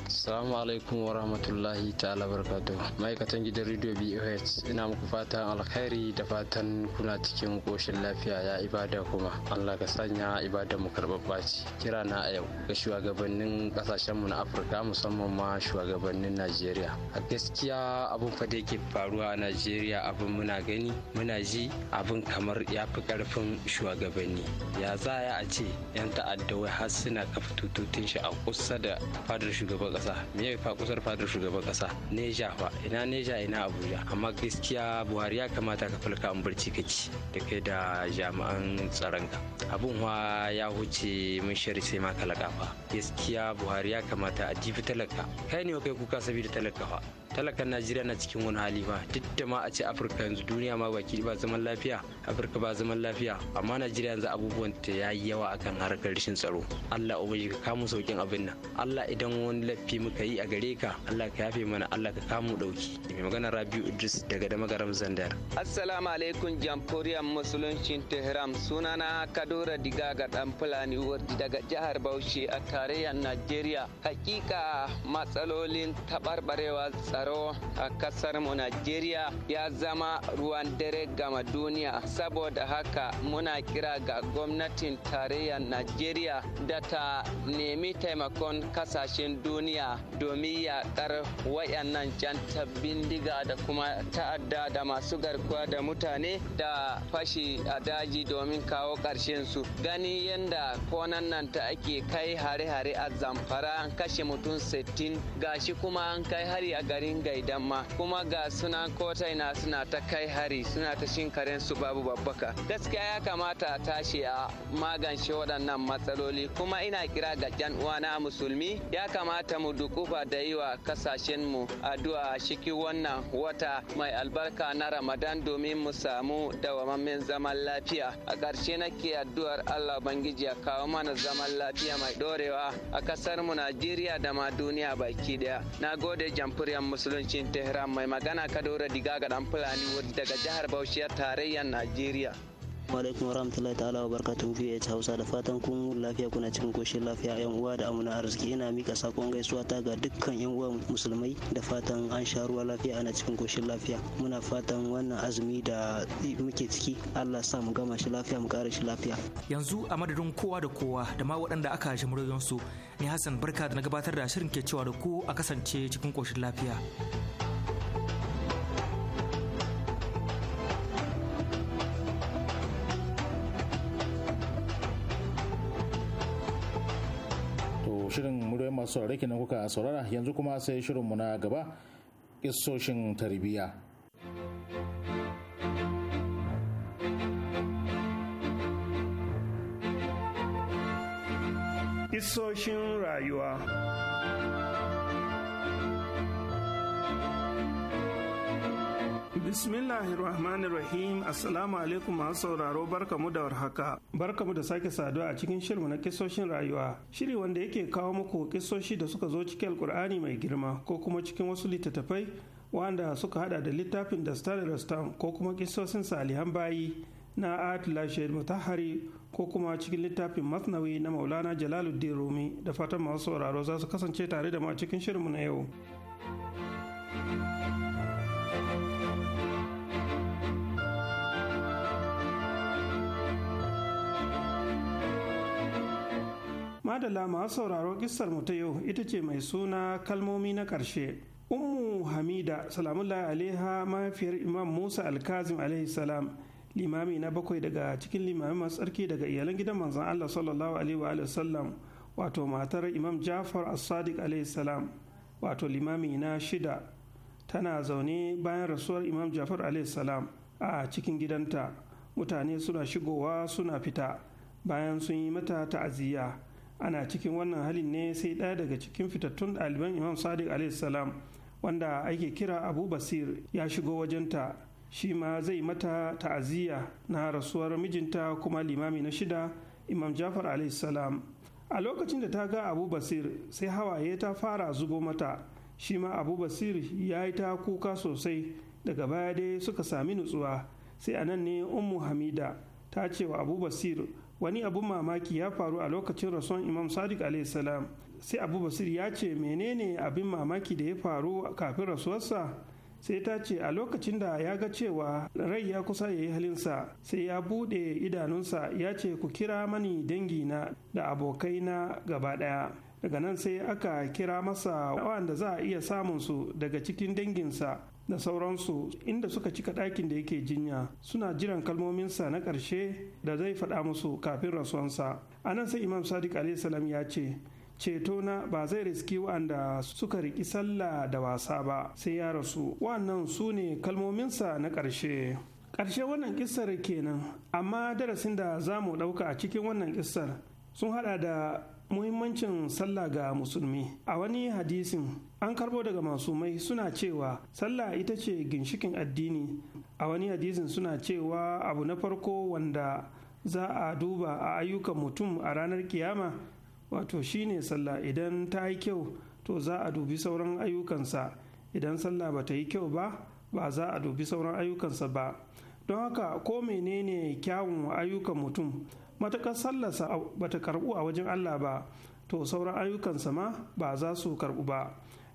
Assalamu alaikum wa rahmatullahi ta'ala barkatu. Ma'aikatan gidan Radio BOH ina muku fatan alkhairi da fatan kuna cikin koshin lafiya ya ibada kuma. Allah ka sanya ibada mu karɓaɓɓa ce. Kira na a yau ga shugabannin kasashen mu na Afirka musamman ma shugabannin Najeriya. A gaskiya abun fa da yake faruwa a Najeriya abin muna gani muna ji abin kamar ya fi ƙarfin shugabanni. Ya za a ce 'yan ta'adda wai har suna kafa tututun shi a kusa da fadar shugaban kasa me fa kusar fadar shugaban kasa neja fa ina neja ina abuja amma gaskiya buhari ya kamata ka falka an barci kake da kai da jami'an tsaron ka abun wa ya huce mun shari sai ma talaka fa gaskiya buhari ya kamata a jifi talaka kai ne kai kuka saboda talaka fa talakan najeriya na cikin wani hali ba duk da ma a ce afirka yanzu duniya ma baki ba zaman lafiya afirka ba zaman lafiya amma najeriya yanzu abubuwan ta ya yi yawa akan harkar rashin tsaro allah ubangiji ka kamu saukin abin nan allah idan wani laifi muka yi a gare ka allah ka yafe mana allah ka kamu dauki mai magana rabiu idris daga dama-garam zandar assalamu alaikum jamhuriyar musulunci tehran sunana kadura diga ga dan fulani daga jihar bauchi a tarayyar najeriya hakika matsalolin tabarbarewa tsaro a kasar mu Najeriya ya zama ruwan dare gama duniya saboda haka muna kira ga gwamnatin tarayyar Najeriya da ta nemi taimakon kasashen duniya domin yaƙar wayannan janta bindiga da kuma ta'adda da masu garkuwa da mutane da fashi a daji domin kawo ƙarshen su gani yadda konan nan ta ake kai hare-hare a zamfara an kashe mutum 60 gashi kuma an kai hari a gari garin gaidan kuma ga suna kotai na suna ta kai hari suna ta shin karen su babu babbaka gaskiya ya kamata a tashi a magance waɗannan matsaloli kuma ina kira ga jan uwana musulmi ya kamata mu dukufa da yi wa kasashen mu addu'a a shiki wannan wata mai albarka na ramadan domin mu samu dawamammen zaman lafiya a ƙarshe nake addu'ar allah bangiji ya kawo mana zaman lafiya mai dorewa a ƙasar mu najeriya da ma duniya baki daya na gode jamfuriyar musuluncin tehran mai magana kadoro diga ga dan fulani daga jihar bauchi tarayyar najeriya alaikum warahmatullahi ta'ala wa barakatuhu a Hausa da fatan kun lafiya kuna cikin koshin lafiya yan uwa da amuna arziki ina mika sakon gaisuwa ta ga dukkan yan uwa musulmai da fatan an sha ruwa lafiya ana cikin koshin lafiya muna fatan wannan azumi da muke ciki Allah sa mu gama shi lafiya mu kare shi lafiya yanzu a madadin kowa da kowa da ma waɗanda aka ji muryoyin su ni Hassan barka da na gabatar da shirin ke cewa da ku a kasance cikin koshin lafiya masu saurare kenan kuka saurara yanzu kuma sai shirinmu na gaba isoshin tarbiyya. Isoshin rayuwa Bismillahirrahmanirrahim Assalamu alaikum masu sauraro barkamu da warhaka. Barkamu da sake saduwa a cikin shirin na kisoshin rayuwa. Shiri wanda yake kawo muku kisoshi da suka zo cikin Alkur'ani mai girma ko kuma cikin wasu littattafai wanda suka hada da littafin da Star ko kuma kisosin salihan bayi na Atla Shahid Mutahari ko kuma cikin littafin Masnawi na Maulana Jalaluddin Rumi da fatan masu sauraro za su kasance tare da mu a cikin shirinmu na yau. madala masu sauraro ƙisar mu ta yau ita ce mai suna kalmomi na ƙarshe ummu hamida salamullahi alaiha mahaifiyar imam musa alkazim alaihi salam limami na bakwai daga cikin limami masu tsarki daga iyalan gidan manzon allah sallallahu alaihi wa sallam wato matar imam jafar as-sadiq alaihi salam wato limami na shida tana zaune bayan rasuwar imam jafar alaihi salam a cikin gidanta mutane suna shigowa suna fita bayan sun yi mata ta'aziyya ana cikin wannan halin ne sai ɗaya daga cikin fitattun ɗaliban imam sadiq alaihissalam wanda ake kira abu basir ya shigo wajenta shi ma zai mata ta'aziyya na rasuwar mijinta kuma limami na shida imam jafar alaihissalam a lokacin da ta ga abu basir sai hawaye ta fara zubo mata shi ma abu basir ya yi ta kuka sosai daga baya dai suka sami nutsuwa sai anan ne ummu hamida ta ce wa abu basir wani abun mamaki ya faru a lokacin rason imam sadiq salam sai abu basir ya ce menene abin mamaki da ya faru kafin rasuwarsa sai ta ce a lokacin da ya ga cewa rai ya kusa ya yi halinsa sai ya buɗe idanunsa ya ce ku kira mani dangina da abokai na gaba ɗaya daga nan sai aka kira masa wanda za a iya samunsu daga cikin danginsa da sauransu inda suka cika ɗakin da yake jinya suna jiran kalmominsa na ƙarshe da zai faɗa musu kafin rasuwansa a nan sai imam sadiq salam ya ce ceto na ba zai riski wa'anda suka riƙi sallah da wasa ba sai ya rasu wannan su ne kalmominsa na ƙarshe ƙarshe wannan ƙisar kenan amma darasin da za mu ɗauka a cikin wannan ƙisar sun hada da muhimmancin sallah ga musulmi a wani hadisin an karbo daga masu mai suna cewa sallah ita ce ginshikin addini a wani hadisin suna cewa abu na farko wanda za a duba a ayyukan mutum a ranar kiyama wato shine sallah idan ta yi kyau to za a dubi sauran ayyukansa idan sallah ba ta yi kyau ba ba za a dubi sauran ayyukansa ba don haka ko menene kyawun ayyukan mutum matakar sallarsa ta karɓu a wajen Allah ba to sauran ayyukansa ma ba za su karbu ba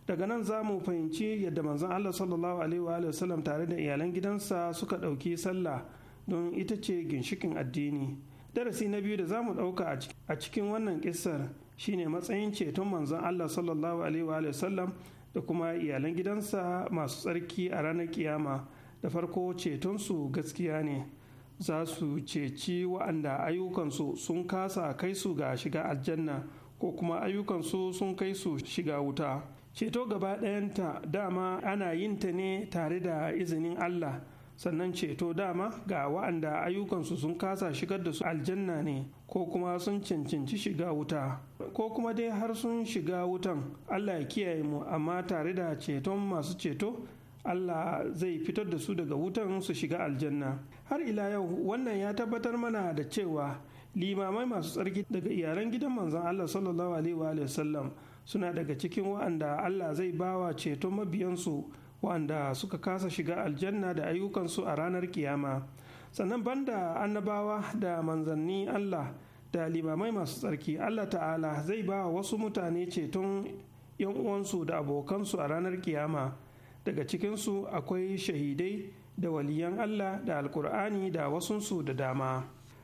daga nan za mu fahimci yadda manzon Allah sallallahu alaihi wa tare da iyalan gidansa suka ɗauki sallah don ita ce ginshikin addini darasi na biyu da za mu ɗauka a cikin wannan kissar shine matsayin ceton manzon Allah sallallahu alaihi wa da kuma iyalan gidansa masu tsarki a ranar kiyama da farko ceton su gaskiya ne za su ceci waɗanda ayyukansu sun kasa kai su ga shiga aljanna ko kuma ayyukansu sun kai su shiga wuta ceto gaba ɗayanta dama ana yin ta ne tare da izinin allah sannan ceto dama ga waɗanda ayyukansu sun kasa shigar da su aljanna ne ko kuma sun cancanci shiga wuta ko kuma dai har sun shiga wutan allah ya kiyaye mu amma tare da ceton masu ceto Allah zai fitar da su daga wutan su shiga aljanna har ila yau wannan ya tabbatar mana da cewa limamai masu tsarki daga iyalan gidan manzon Allah sallallahu alaihi wa sallam suna daga cikin wa'anda Allah zai bawa ceton mabiyansu wa'anda suka kasa shiga aljanna da ayyukansu a ranar kiyama sannan banda annabawa da manzanni Allah da limamai masu tsarki Allah ta'ala zai bawa wasu mutane ceton 'yan uwansu da abokansu a ranar kiyama daga cikinsu akwai shahidai da waliyan Allah da alkur'ani da wasunsu da dama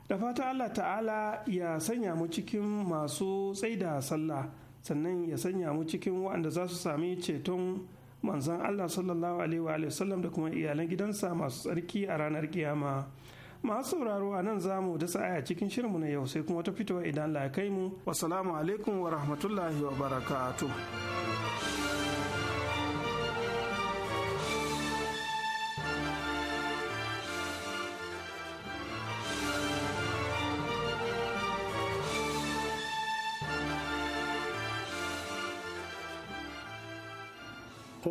da fata Allah ta'ala ya sanya mu cikin masu tsaida sallah sannan ya sanya mu cikin waɗanda za su sami ceton manzon Allah sallallahu alaihi wa da kuma iyalan gidansa masu tsarki a ranar kiyama masu sauraro a nan zamu da aya cikin shirinmu na yau sai kuma ta fitowa idan la kai mu wasalamu alaikum wa rahmatullahi wa barakatuh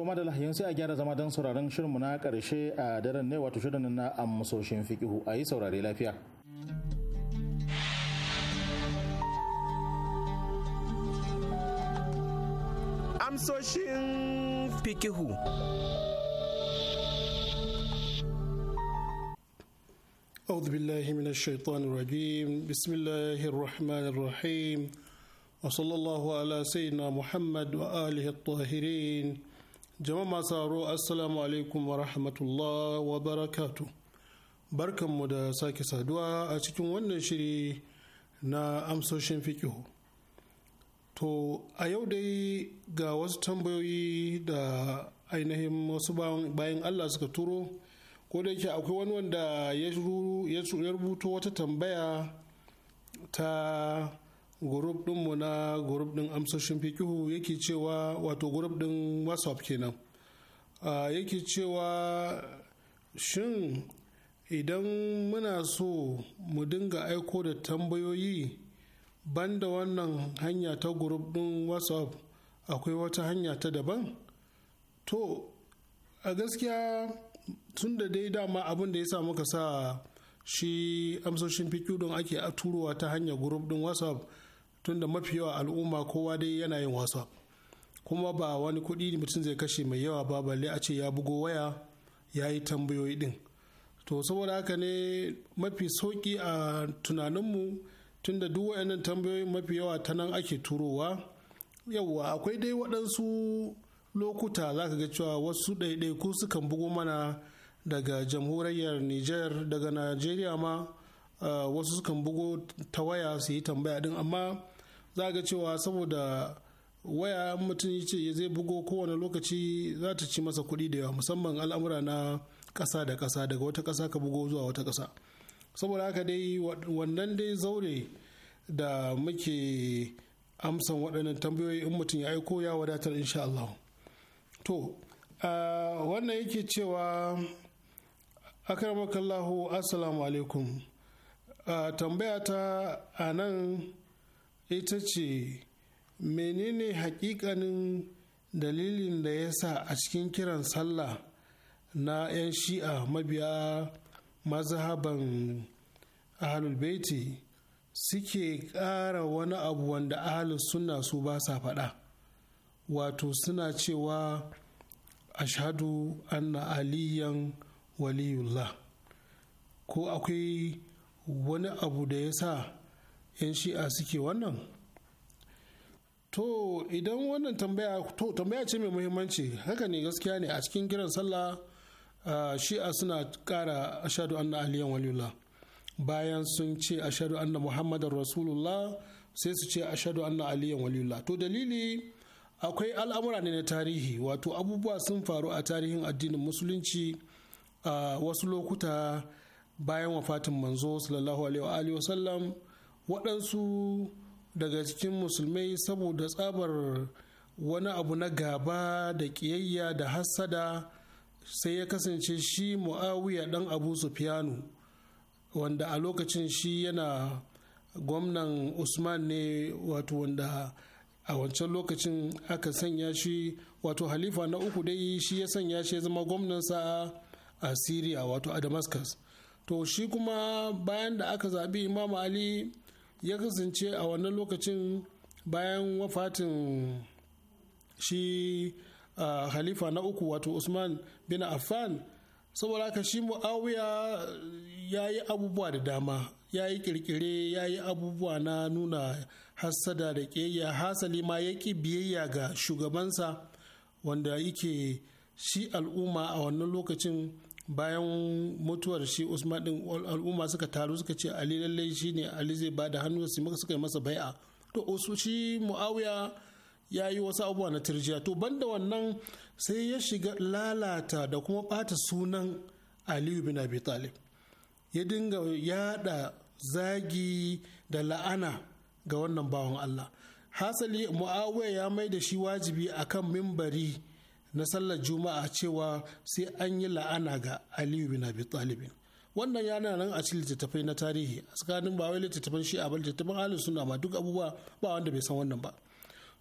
to madalla yanzu a gyara zama don sauraron shirinmu na karshe a daren ne wato shirin na amsoshin fikihu a yi saurare lafiya amsoshin fikihu أعوذ بالله من الشيطان الرجيم بسم الله الرحمن الرحيم وصلى الله على سيدنا محمد وآله الطاهرين jama'a masu haro assalamu alaikum wa rahmatullah wa barakatu barkanmu da sake saduwa a cikin wannan shiri na amsoshin fikihu to a yau dai ga wasu tambayoyi da ainihin wasu bayan allah suka turo ko da yake akwai wani wanda ya rubuto wata tambaya ta gurub dinmu na gurub din amsoshin fikihu yake cewa wato gurub din whatsapp kenan yake cewa shin idan muna so mu dinga aiko da tambayoyi banda wannan hanya ta gurub din whatsapp akwai wata hanya ta daban to a gaskiya tun da dai dama abin da ya sa muka sa shi amsoshin fikihu don ake turuwa ta hanya gurub din whatsapp tunda mafi yawa al'umma kowa dai yana yin wasa kuma ba wani kuɗi mutum zai kashe mai yawa ba balle a ce ya bugo waya ya yi tambayoyi din to saboda haka ne mafi sauƙi a tunaninmu tunda duk wayannan tambayoyin mafi yawa ta nan ake turowa yawwa akwai dai waɗansu lokuta za ka ga cewa wasu ɗaiɗaiku sukan bugo mana daga jamhuriyar niger daga najeriya ma eh, wasu sukan bugo ta waya su yi tambaya din amma za ga cewa saboda waya mutum ya ce zai bugo kowane lokaci za ta ci masa kuɗi da yawa musamman al'amura na kasa da ƙasa daga wata kasa ka bugo zuwa wata kasa saboda haka dai wannan dai zaure da muke amsan waɗannan tambayoyi in mutum ya aiko ya wadatar insha Allah to wannan yake cewa akaramakallahu asalamu alaikum tambaya ta a nan ita ce menene hakikanin dalilin da ya sa a cikin kiran sallah na 'yan shi'a mabiya mazhaban ahalul baiti suke ƙara wani abu wanda ahalus suna su ba sa faɗa wato suna cewa ashadu anna aliyan waliyullah ko akwai wani abu da ya sa 'yan shi'a suke wannan to idan wannan tambaya to tambaya ce mai muhimmanci haka ne gaskiya ne a cikin kiran sallah shi'a suna kara ashadu anna aliyan waliyullah bayan sun ce ashadu anna muhammadar rasulullah sai su ce ashadu anna aliyan waliyullah to dalili akwai al'amura ne na tarihi wato abubuwa sun faru a tarihin addinin musulunci a wasu lokuta bayan wafatin manzo sallallahu alaihi wa sallam waɗansu daga cikin musulmai saboda tsabar wani abu na gaba da ƙiyayya da hassada sai ya kasance shi mu'awiya ɗan abu fiyano wanda a lokacin shi yana gwamnan usman ne wato wanda a wancan lokacin aka sanya shi wato halifa na uku dai shi ya sanya shi ya zama gwamnansa a syria wato a damascus to shi kuma bayan da aka zaɓi imam ali ya kasance a wannan lokacin bayan wafatin shi uh, halifa na uku wato usman bin affan saboda haka shi mu'awiya ya yi abubuwa da dama ya yi kirkire ya yi abubuwa na nuna hassada da ƙiyayya hasali ma ya ƙi biyayya ga shugabansa wanda yake shi al'umma a wannan lokacin bayan mutuwar shi usman din al'umma suka taru suka ce ali lallai shi ne ali zai ba da hannu su maka suka yi masa bai'a to osu shi muawiya ya yi wasu abubuwa na tirjiya to banda wannan sai ya shiga lalata da kuma bata sunan aliyu bin abi talib ya dinga yada zagi da la'ana ga wannan bawan allah hasali muawiya ya mai da shi wajibi akan mimbari na sallar juma'a cewa sai an yi la'ana ga aliyu bin abi talibin wannan yana nan a cikin littattafai na tarihi a tsakanin ba wai littattafan shi'a ba littattafan halin suna ma duk abubuwa ba wanda bai san wannan ba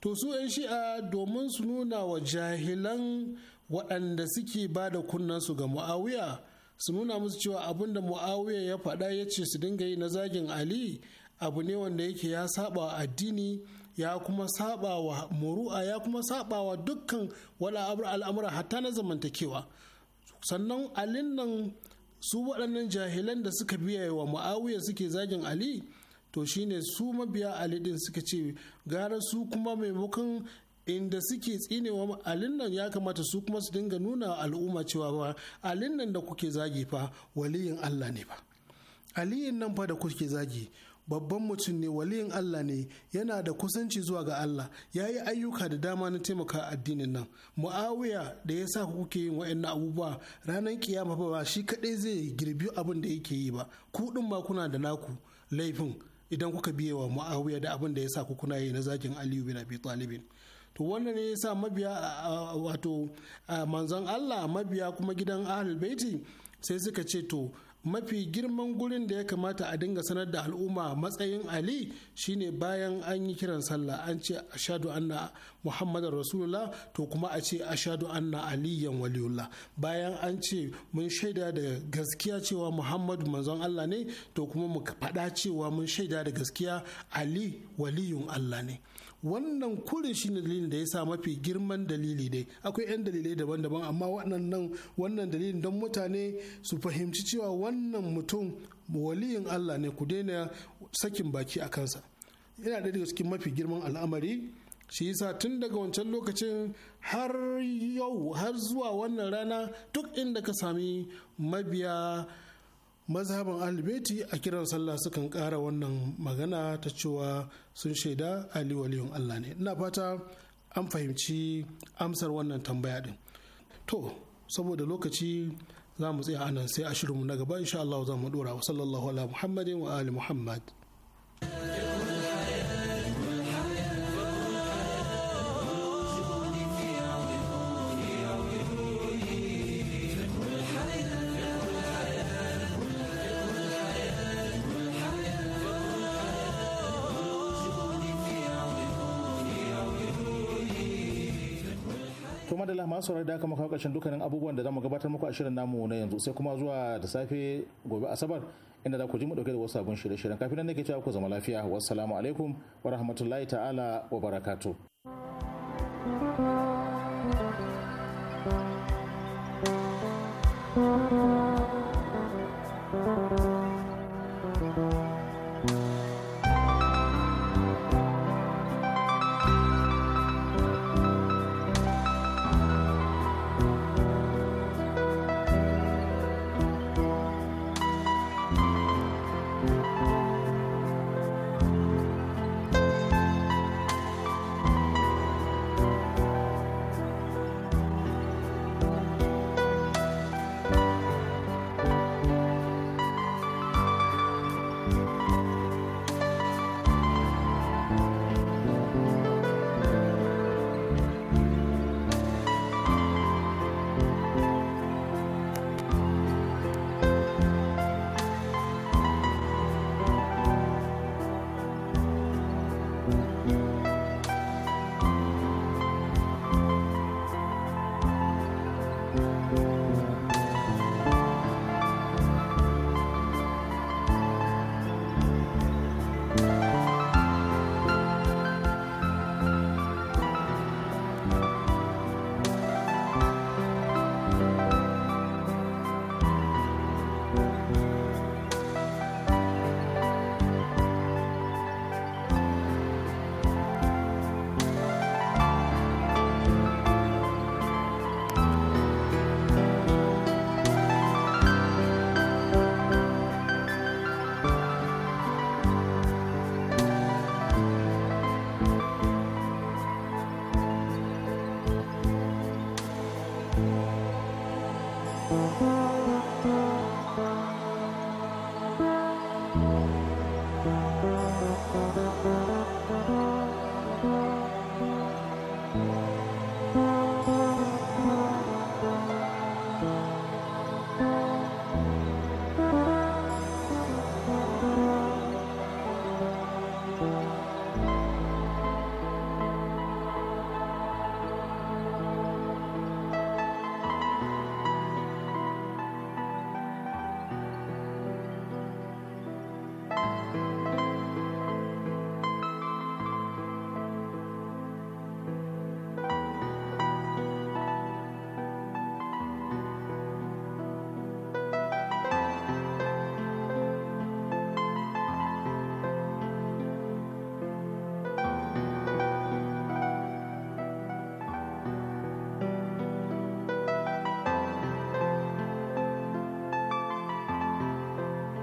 to su 'yan shi'a domin su nuna wa jahilan waɗanda suke ba da su ga mu'awiya su nuna musu cewa abin da mu'awiya ya faɗa ya ce su dinga yi na zagin ali abu ne wanda yake ya saba addini ya kuma saba wa muru'a ya kuma saba wa dukkan wala al'amura hatta na zamantakewa sannan alin nan su waɗannan jahilan da suka biya wa mu'awiya suke zagin ali to shine su mabiya ali din suka ce gara su kuma maimakon inda suke tsinewa alin nan ya kamata su kuma su dinga nuna al'umma cewa ba alin nan da kuke zagi fa waliyin Allah ne ba aliyin nan fa da kuke zagi babban mutum ne waliyin Allah ne yana da kusanci zuwa ga Allah ya yi ayyuka da dama na taimaka addinin nan mu'awiya da ya sa kuke yin wa'annan abubuwa ranar kiyama ba shi kadai zai girbi abin da yake yi ba ku din ma kuna da naku laifin idan kuka biye wa mu'awiya da abin da ya sa ku kuna yi na zagin aliyu bin abi talibin to wannan ne ya sa mabiya wato manzon Allah mabiya kuma gidan ahlul baiti sai suka ce to mafi girman gurin da ya kamata a dinga sanar da al'umma matsayin ali shine bayan an yi kiran sallah an ce ashadu anna muhammadar rasulullah to kuma a ce ashadu anna aliyan waliyullah bayan an ce mun shaida da gaskiya cewa muhammadu manzon allah ne to kuma mu faɗa cewa mun shaida da gaskiya ali waliyun allah ne wannan kurin shine dalilin da ya sa mafi girman dalili dai akwai 'yan dalilai daban-daban amma waɗannan wannan dalilin don mutane su fahimci cewa wannan mutum waliyin Allah ne ku daina sakin baki a kansa yana ɗaya daga cikin mafi girman al'amari shi yasa tun daga wancan lokacin har yau har zuwa wannan rana duk inda ka sami mabiya mazhaban albeti a kiran sallah sukan kara wannan magana ta cewa sun shaida ali waliyun allah ne ina fata an fahimci amsar wannan tambaya din to saboda lokaci za mu tsaya anan sai a shirinmu na gaba insha Allah za mu dora wa sallallahu ala muhammadin wa ali muhammad alhamdulillah masu saurari da aka maka ƙarshen dukkanin abubuwan da zamu gabatar muku a shirin namu na yanzu sai kuma zuwa da safe gobe asabar inda za ku ji mu dauke da wasu sabon shirye-shiryen kafin nan nake cewa ku zama lafiya wassalamu alaikum wa rahmatullahi ta'ala wa barakatuh